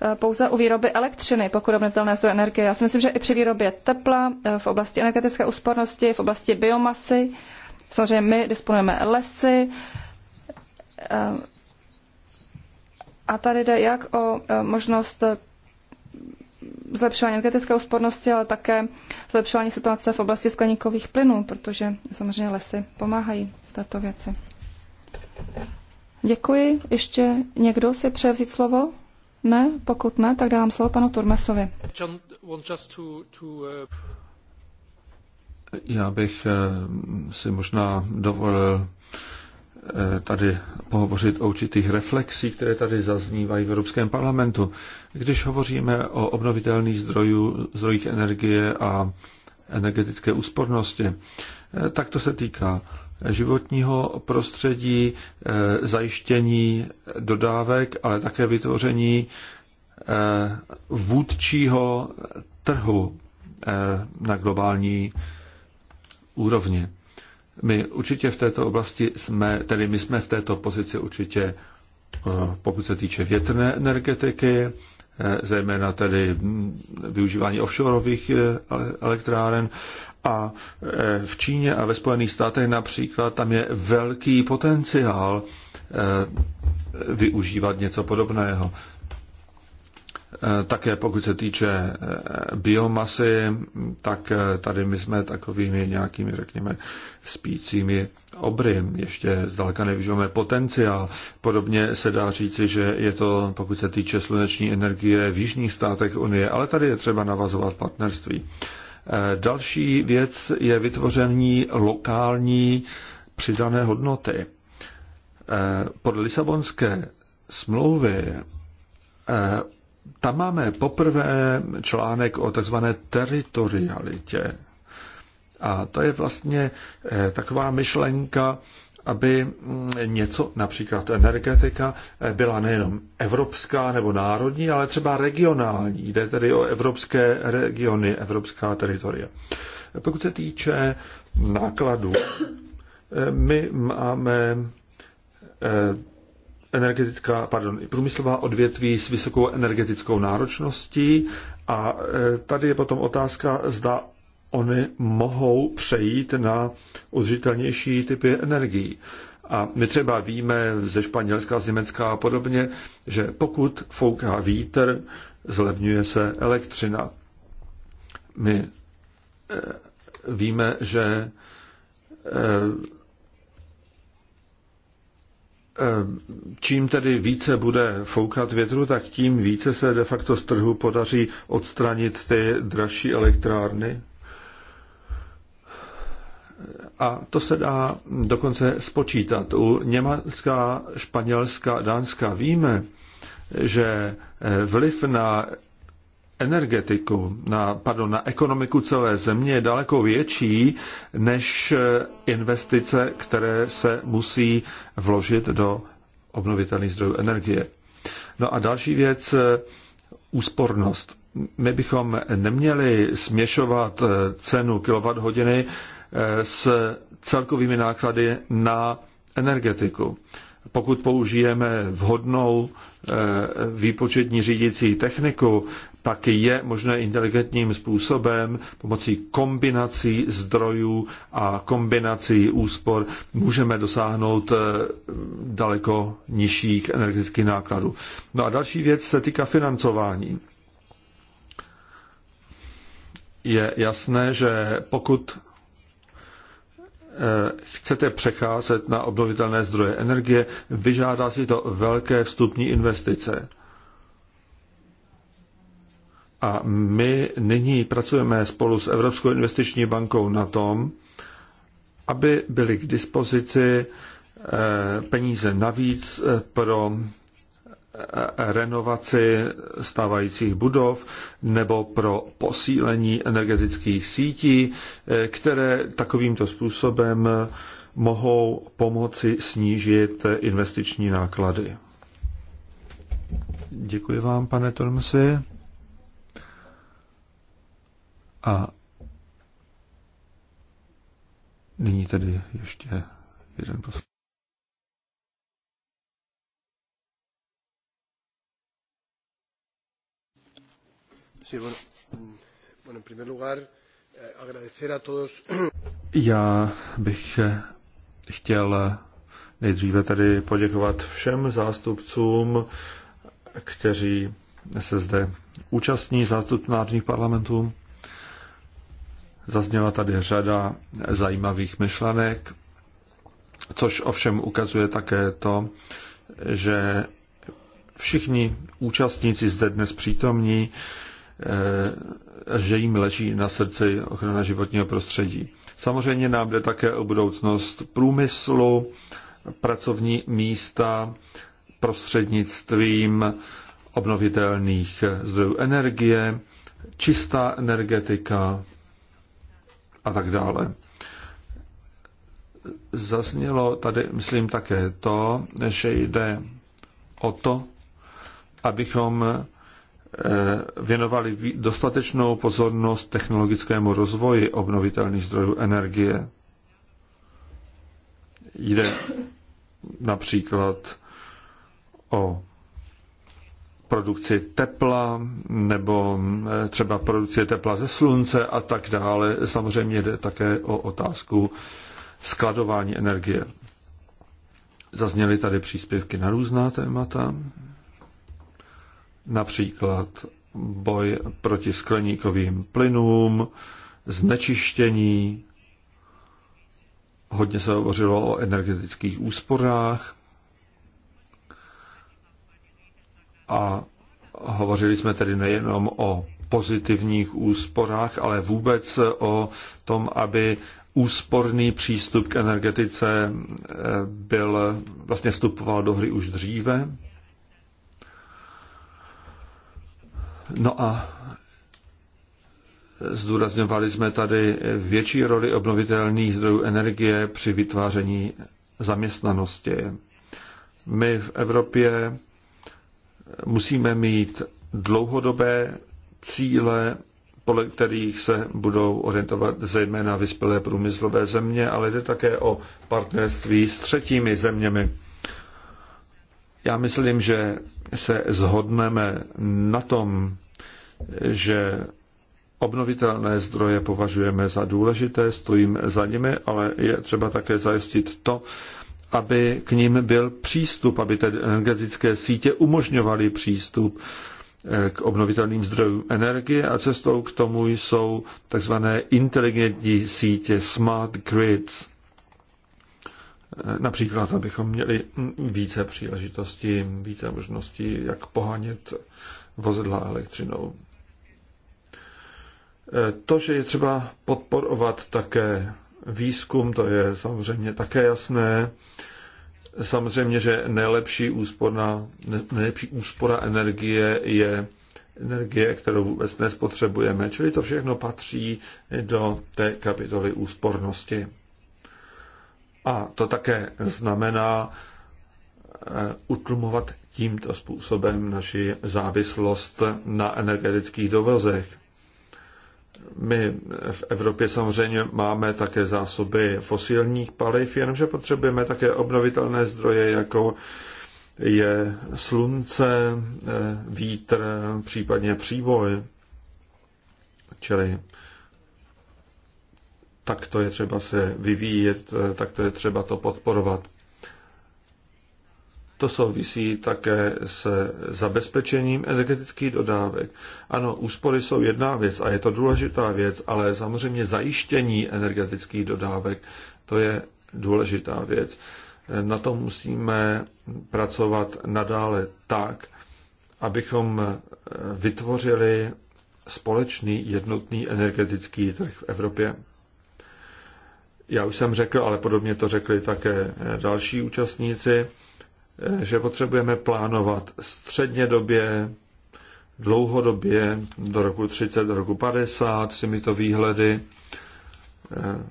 Eh, pouze u výroby elektřiny, pokud obnovitelné zdroje energie. Já si myslím, že i při výrobě tepla, eh, v oblasti energetické úspornosti, v oblasti biomasy, samozřejmě my disponujeme lesy, eh, a tady jde jak o možnost zlepšování energetické úspornosti, ale také zlepšování situace v oblasti skleníkových plynů, protože samozřejmě lesy pomáhají v této věci. Děkuji. Ještě někdo si přeje vzít slovo? Ne, pokud ne, tak dávám slovo panu Turmesovi. Já bych eh, si možná dovolil eh, tady pohovořit o určitých reflexích, které tady zaznívají v Evropském parlamentu. Když hovoříme o obnovitelných zdrojů, zdrojích energie a energetické úspornosti, eh, tak to se týká životního prostředí, eh, zajištění dodávek, ale také vytvoření eh, vůdčího trhu eh, na globální úrovni. My určitě v této oblasti jsme, tedy my jsme v této pozici určitě, pokud se týče větrné energetiky, zejména tedy mm, využívání offshoreových elektráren a e, v Číně a ve Spojených státech například tam je velký potenciál e, využívat něco podobného. E, také pokud se týče biomasy, tak tady my jsme takovými nějakými, řekněme, spícími obry. Ještě zdaleka nevyužíváme potenciál. Podobně se dá říci, že je to, pokud se týče sluneční energie v jižních státech Unie, ale tady je třeba navazovat partnerství. Eh, další věc je vytvoření lokální přidané hodnoty. Eh, podle Lisabonské smlouvy eh, tam máme poprvé článek o takzvané teritorialitě. A to je vlastně taková myšlenka aby mm, něco, například energetika, eh, byla nejenom evropská nebo národní, ale třeba regionální. Jde tedy o evropské regiony, evropská teritoria. Pokud se týče nákladů, eh, my máme eh, energetická, pardon, průmyslová odvětví s vysokou energetickou náročností a tady je potom otázka, zda Oni mohou přejít na udržitelnější typy energií. A my třeba víme ze Španělska, z Německa a podobně, že pokud fouká vítr, zlevňuje se elektřina. My eh, víme, že eh, eh, čím tedy více bude foukat větru, tak tím více se de facto z trhu podaří odstranit ty dražší elektrárny a to se dá dokonce spočítat. U Německa, Španělska, Dánska víme, že eh, vliv na energetiku, na, pardon, na ekonomiku celé země je daleko větší než eh, investice, které se musí vložit do obnovitelných zdrojů energie. No a další věc, eh, úspornost. My bychom neměli směšovat cenu kWh Eh, s celkovými náklady na energetiku. Pokud použijeme vhodnou eh, výpočetní řídící techniku, pak je možné inteligentním způsobem pomocí kombinací zdrojů a kombinací úspor můžeme dosáhnout eh, daleko nižších energetických nákladů. No a další věc se týká financování. Je jasné, že pokud chcete přecházet na obnovitelné zdroje energie, vyžádá si to velké vstupní investice. A my nyní pracujeme spolu s Evropskou investiční bankou na tom, aby byly k dispozici eh, peníze navíc eh, pro renovaci stávajících budov nebo pro posílení energetických sítí, které takovýmto způsobem mohou pomoci snížit investiční náklady. Děkuji vám, pane Tormsi. A nyní tedy ještě jeden poslední. Eh, [clears throat] Já bych eh, chtěl eh, nejdříve tady poděkovat všem zástupcům, kteří se zde účastní zástupců národních parlamentů. Zazněla tady řada zajímavých myšlenek, což ovšem ukazuje také to, že všichni účastníci zde dnes přítomní Eh, že jim leží na srdci ochrana životního prostředí. Samozřejmě nám jde také o budoucnost průmyslu, pracovní místa prostřednictvím obnovitelných zdrojů energie, čistá energetika a tak dále. Zaznělo tady, myslím, také to, že jde o to, abychom Eh, věnovali dostatečnou pozornost technologickému rozvoji obnovitelných zdrojů energie. Jde například o produkci tepla nebo eh, třeba produkci tepla ze slunce a tak dále. Samozřejmě jde také o otázku skladování energie. Zazněly tady příspěvky na různá témata například boj proti skleníkovým plynům, znečištění, hodně se hovořilo o energetických úsporách a hovořili jsme tedy nejenom o pozitivních úsporách, ale vůbec o tom, aby úsporný přístup k energetice eh, byl, vlastně vstupoval do hry už dříve. No a zdůrazňovali jsme tady větší roli obnovitelných zdrojů energie při vytváření zaměstnanosti. My v Evropě musíme mít dlouhodobé cíle, podle kterých se budou orientovat zejména vyspělé průmyslové země, ale jde také o partnerství s třetími zeměmi. Já myslím, že se zhodneme na tom, že obnovitelné zdroje považujeme za důležité, stojím za nimi, ale je třeba také zajistit to, aby k ním byl přístup, aby ty energetické sítě umožňovaly přístup eh, k obnovitelným zdrojům energie a cestou k tomu jsou takzvané inteligentní sítě, smart grids. Například, abychom měli více příležitostí, více možností, jak pohánět vozidla elektřinou. To, že je třeba podporovat také výzkum, to je samozřejmě také jasné. Samozřejmě, že nejlepší, úsporná, nejlepší úspora energie je energie, kterou vůbec nespotřebujeme. Čili to všechno patří do té kapitoly úspornosti. A to také znamená eh, utlumovat tímto způsobem naši závislost na energetických dovozech. My v Evropě samozřejmě máme také zásoby fosilních paliv, jenomže potřebujeme také obnovitelné zdroje, jako je slunce, eh, vítr, případně příboj. Čili tak to je třeba se vyvíjet, eh, tak to je třeba to podporovat. To souvisí také s zabezpečením energetických dodávek. Ano, úspory jsou jedna věc a je to důležitá věc, ale samozřejmě zajištění energetických dodávek, to je důležitá věc. Eh, na to musíme pracovat nadále tak, abychom eh, vytvořili společný jednotný energetický trh v Evropě já už jsem řekl, ale podobně to řekli také eh, další účastníci, eh, že potřebujeme plánovat středně době, dlouhodobě, do roku 30, do roku 50, s těmito výhledy. Eh,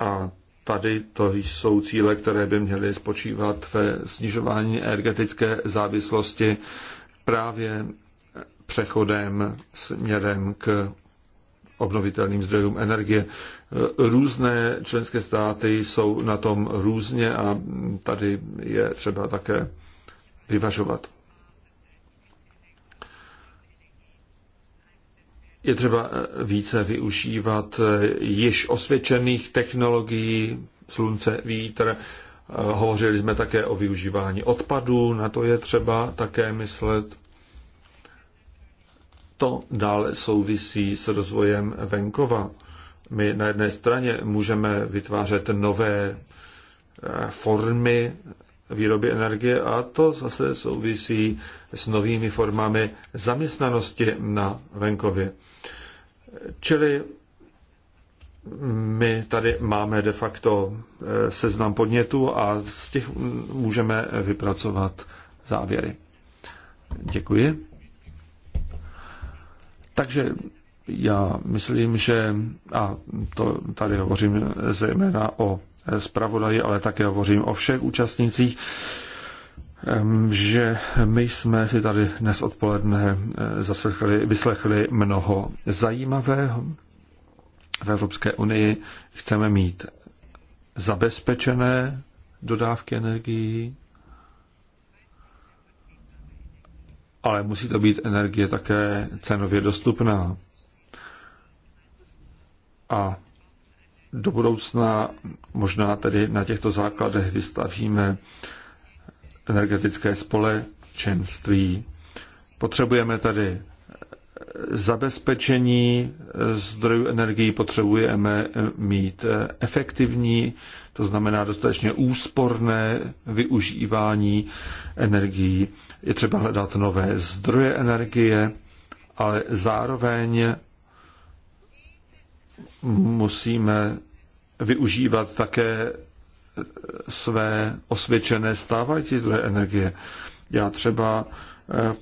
a tady to jsou cíle, které by měly spočívat ve snižování energetické závislosti právě přechodem směrem k obnovitelným zdrojům energie. Různé členské státy jsou na tom různě a tady je třeba také vyvažovat. Je třeba eh, více využívat eh, již osvědčených technologií, slunce, vítr. Eh, hovořili jsme také o využívání odpadů, na to je třeba také myslet. To dále souvisí s rozvojem venkova. My na jedné straně můžeme vytvářet nové eh, formy výroby energie a to zase souvisí s novými formami zaměstnanosti na venkově. Čili my tady máme de facto eh, seznam podnětů a z těch můžeme vypracovat závěry. Děkuji. Takže já myslím, že, a to tady hovořím zejména o zpravodaji, ale také hovořím o všech účastnících, že my jsme si tady dnes odpoledne eh, zaslechli, vyslechli mnoho zajímavého. V Evropské unii chceme mít zabezpečené dodávky energií, ale musí to být energie také cenově dostupná. A do budoucna možná tedy na těchto základech vystavíme energetické společenství. Potřebujeme tady zabezpečení zdrojů energií, potřebujeme mít efektivní, to znamená dostatečně úsporné využívání energií. Je třeba hledat nové zdroje energie, ale zároveň musíme využívat také své osvědčené stávající zdroje energie. Já třeba eh,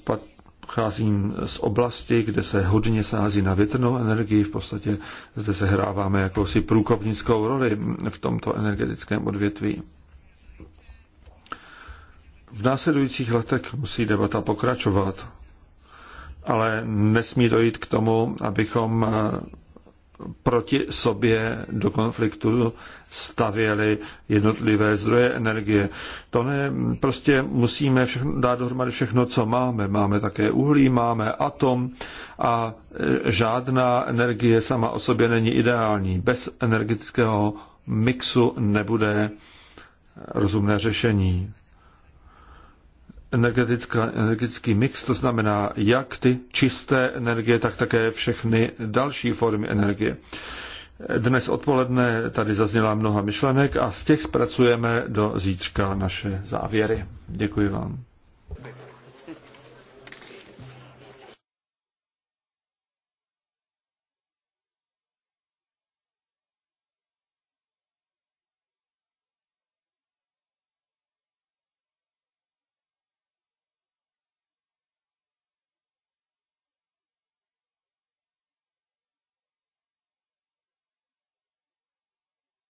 pocházím z oblasti, kde se hodně sází na větrnou energii, v podstatě zde se hráváme jakousi průkopnickou roli v tomto energetickém odvětví. V následujících letech musí debata pokračovat, ale nesmí dojít k tomu, abychom eh, proti sobě do konfliktu stavěly jednotlivé zdroje energie. To ne, prostě musíme všechno, dát dohromady všechno, co máme. Máme také uhlí, máme atom a e, žádná energie sama o sobě není ideální. Bez energetického mixu nebude rozumné řešení energetický mix, to znamená jak ty čisté energie, tak také všechny další formy energie. Dnes odpoledne tady zazněla mnoha myšlenek a z těch zpracujeme do zítřka naše závěry. Děkuji vám.